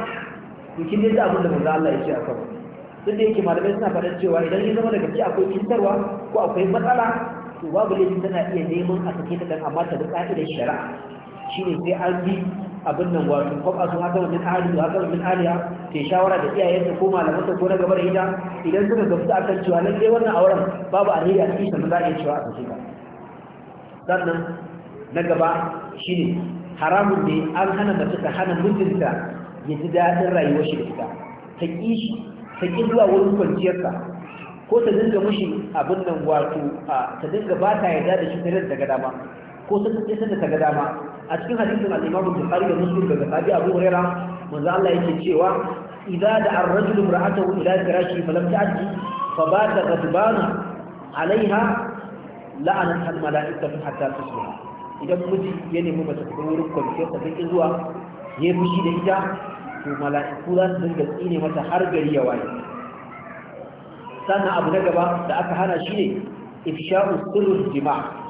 to kin dai abin da manzo Allah ya ce a duk da yake malamai suna faɗa cewa idan ya zama daga ci akwai kintarwa ko akwai matsala to babu laifin tana iya neman a sake ta dan amma ta bi ka'idar shari'a shine sai an bi abin nan wato kwaba sun haka min ahli haka min aliya ke shawara da iyayenta ko malamanta ko na gaba da ita idan suka gamsu kan cewa lalle wannan auren babu alheri a cikin sannan za a iya cewa a sosai ka sannan na gaba shine haramun ne an hana mace ta hana mijinta ya ji daɗin rayuwar shi da ita ta ƙi shi ta ƙi zuwa wurin kwanciyarsa ko ta dinga mushi abin nan wato ta dinga ba ta yarda da shi ta ga dama ko ta tsaye ta ga dama a cikin hadisin al-Imam Bukhari da Muslim daga Abi Abu huraira manzo Allah yake cewa idza da ar-rajulu imra'atahu ila firashi falam ta'ti fa bata ghadbana 'alayha la'anat al-mala'ikatu hatta tusbiha idan miji ya nemi mace ta wurin kwanciyar ta zuwa ya fushi da ita to mala'iku za su dinga tsine mata har gari ya waye sannan abu na gaba da aka hana shi ne ifsha'u sirrul jima'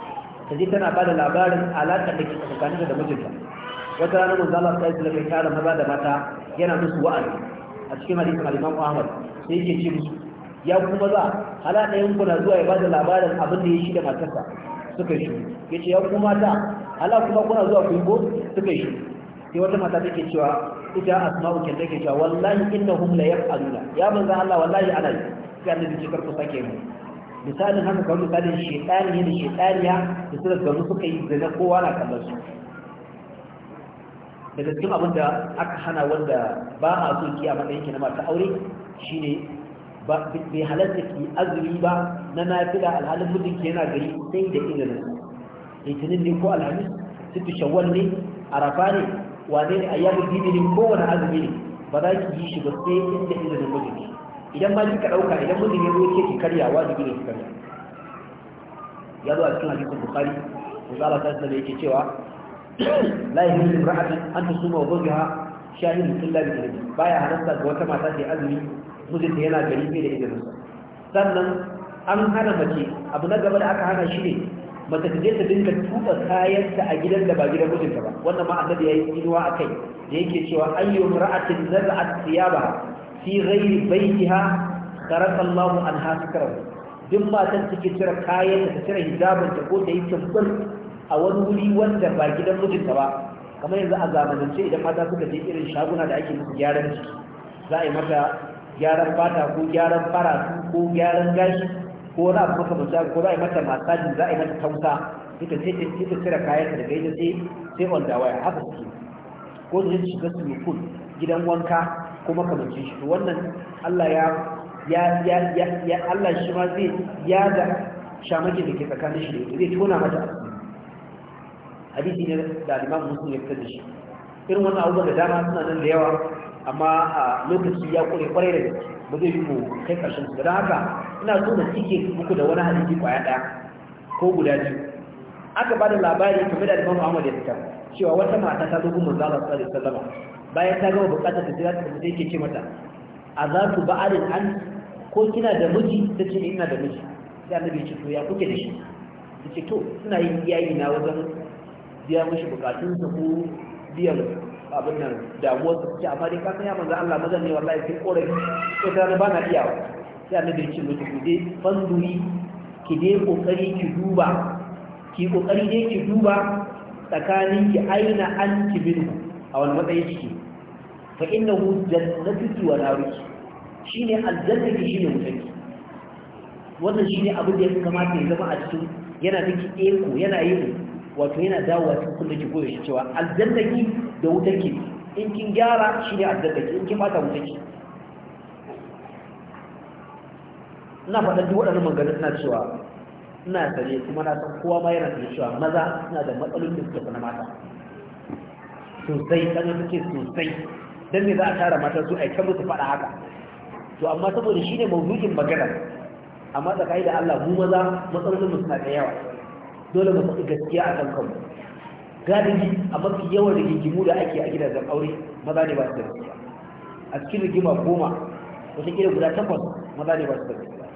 ta ji tana bada labarin alaƙar da ke tsakanin da mijinta wata ranar mun Allah sai da kai kare maza da mata yana musu wa'azi a cikin hadisin al-Imam Ahmad sai yake ce musu ya kuma za hala da ku na zuwa ya bada labarin abin da ya shi da matarsa suka shi yace ya kuma ta hala kuma kuna zuwa ku yi ko suka shi sai wata mata take cewa ita asma'u ke take cewa wallahi innahum la yaf'aluna ya manzo Allah wallahi alai sai annabi ce karku sake mu misalin haka kamar misalin shekani ne da shekaniya da suka gamu suka yi zina kowa na kallon su daga cikin abin da aka hana wanda ba a so ki a matsayin ki na masu aure shine bai halatta ki azumi ba na nafila alhalin mutum ke yana gari sai da izinin litinin ne ko alhamis sittu shawwal ne arafa ne wane ne ayyamu dini ne kowane azumi ne ba za ki yi shi ba sai inda izinin mutum idan ba kika ɗauka, idan mutum ya yake ki karya wajibi ne ki karya ya zo a cikin hadisin bukhari musala ta sanar yake cewa la yahillu imra'atin an tusuma wa zawjaha shahidun illa bi ba baya halatta ga wata mata ta azumi mijinta yana gari fiye da izinin sannan an hana mace abu na gaba da aka hana shi ne mace ta je ta dinga tuba kayanta a gidan da ba gidan mijinta ba wannan ma annabi yayi inuwa akai da yake cewa ayyu mar'atin naz'at thiyabaha fi ghairi baitiha kharaqa Allahu anha sakra duk matan take cire kayan da cire hijabin ta ko ta yi tumbur a wani wuri wanda ba gidan mijinta ba kamar yanzu a zamanance idan mata suka je irin shaguna da ake musu gyaran ciki za a yi mata gyaran fata ko gyaran faratu ko gyaran gashi ko wani abu maka musa ko za a yi mata masajin za a yi mata tausa ita ce ta ita cire kayan ta daga ita sai sai on da waya haka suke ko su shiga su gidan wanka kuma kamancin shi to wannan Allah ya ya ya ya Allah shi ma zai ya ga shamaki da ke tsakanin shi zai tona mata hadisi ne da Imam Muslim ya fitar da shi irin wannan abubuwan da dama suna nan da yawa amma a lokaci ya kure kwarai da gaske ba zai yi kai karshen su don haka ina so da cike muku da wani hadisi kwaya ɗaya ko guda biyu aka ba da labari game da Imam Ahmad ya fitar cewa wata mata ta zo gumin zalla sallallahu alaihi wasallam bayan ta gama bukata ta jira ta sai yake ce mata a za ku ba'arin an ko kina da miji ta ce eh, ina da miji sai annabi ya ce to ya kuke da shi ta ce to suna yin iyayi na wajen biya mashi bukatun su ko biyan abin nan damuwar su ce amma dai ka san ya manzo Allah mazan ne wallahi sai korai ko ta na bana iyawa sai annabi ya ce mutu ku dai fanduri ki dai kokari ki duba ki kokari dai ki duba tsakanin ki aina an ki bin a wani matsayi ciki fa innahu jannatuki wa naruki shine aljannati shine mutaki wannan shine abin da ya kamata ya zama a cikin yana miki eko yana yin wato yana a cikin kullum ke koyo shi cewa aljannaki da mutaki in kin gyara shine aljannaki in kin bata wutanki ina faɗa duk waɗannan maganganun suna cewa ina tare kuma na san kowa ma yana sane cewa maza suna da matsalolin da suka na mata sosai ɗan suke sosai dan me za a tara mata su kan musu fada haka to amma saboda shine mawdu'in magana amma tsakai da Allah mu maza matsalolin mu suna da yawa dole mu faɗi gaskiya a kan kanmu galibi a mafi yawan rigigimu da ake a gidajen aure maza ne ba su da gaskiya a cikin rigima goma wata kila guda takwas maza ne ba su da gaskiya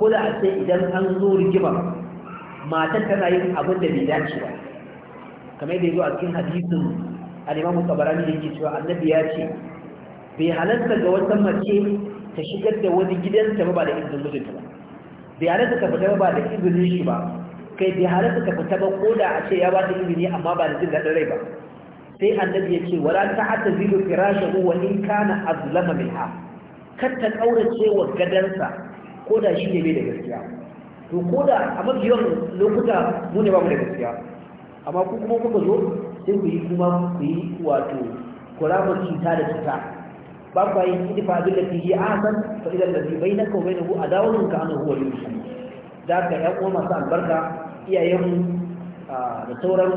ko da a ce idan an zo rigima matar tana yin abin da bai dace ba kamar yadda ya zo a cikin hadisin al-imamu tabarani yake cewa annabi ya ce bai halarta ga wata mace ta shigar da wani gidanta ba da izinin mijinta ba bai halarta ta fita ba da izinin shi ba kai bai halarta ta fita ba ko da a ce ya ba ta izini amma ba da jin daɗin rai ba sai annabi ya ce wala ta hata zilu firashahu wa in kana azlama minha kar ta kaurace wa gadansa ko da shi ne bai da gaskiya to ko da a mafi yawan lokuta mu ne ba mu da gaskiya amma ku kuma kuka zo sai ku yi kuma ku yi wato kuramar cuta da cuta ba ku yi fa abin da yi a san fa idan da fi bai na kawai na ku a ka ana huwa shi da ka yan uwa masu albarka iyayen da sauran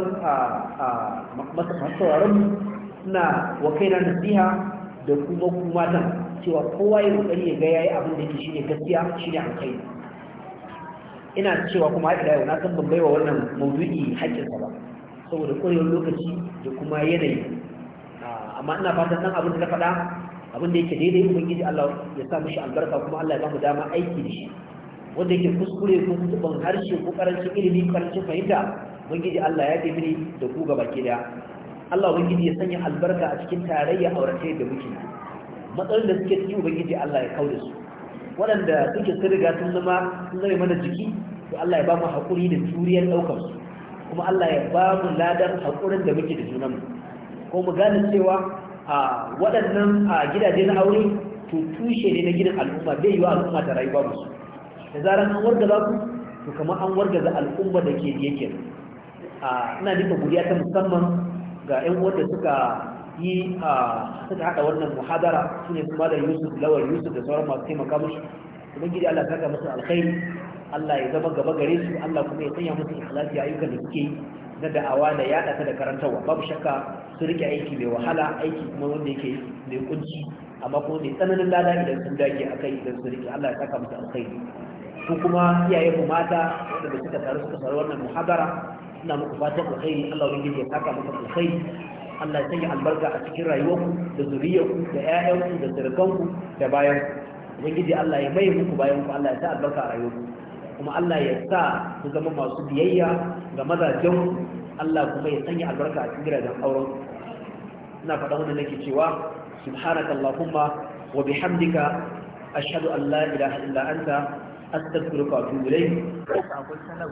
masauraran na wa kaina nasiha da kuma kuma ta cewa kowa ya kokari ya ga yayi abin da yake shine gaskiya shine kai. ina cewa kuma haɗa yau na san ban wa wannan maudu'i haƙƙinsa ba saboda kwarewar lokaci da kuma yanayi ah, amma ina fatan nan abin da na faɗa abin da yake daidai ubangiji Allah ya sa mishi albarka kuma Allah ya ba mu dama aiki da shi wanda yake kuskure ko kuma harshe ko karancin ilimi karancin fahimta ubangiji Allah ya taimini da ku gaba ke da Allah ubangiji ya sanya albarka a cikin tarayya auratai da muke matsalolin da suke cikin ubangiji Allah ya kaure su waɗanda suke sun riga sun zama sun zama mana jiki to Allah ya ba mu haƙuri da juriyar ɗaukar su kuma Allah ya ba mu ladan haƙurin da muke da mu. ko mu gane cewa a waɗannan a gidaje na aure to tushe ne na gidan al'umma bai yi wa al'umma ta rayuwa ba su da zaran an wargaza ku to kamar an wargaza al'umma da ke yake a ina nika guriya ta musamman ga ƴan uwan da suka yi a suka haɗa wannan muhadara su ne kuma da yusuf lawal yusuf da sauran masu taimaka musu gidi Allah saka musu alkhairi Allah ya zama gaba gare su Allah kuma ya sanya musu ikhlasi ayyukan da suke na da'awa da yada ta da karantarwa babu shakka su rike aiki mai wahala aiki kuma wanda yake mai kunci amma kuma mai tsananin lada idan sun dage akai idan su rike Allah ya saka musu alkhairi ko kuma iyaye mu mata wanda suka taru suka faru wannan muhabara ina muku fatan alkhairi Allah ubangiji ya saka muku alkhairi Allah ya sanya albarka a cikin rayuwarku da zuriyarku da ƴaƴanku da sirkanku da bayanku ubangiji Allah ya mai muku bayanku Allah ya sa albarka a rayuwarku kuma Allah ya sa ku zama masu biyayya ga mazajen Allah kuma ya sanya albarka a cikin gidajen auren ina faɗa wannan nake cewa subhanaka allahumma wa bihamdika ashhadu an la ilaha illa anta astaghfiruka wa atubu ilayk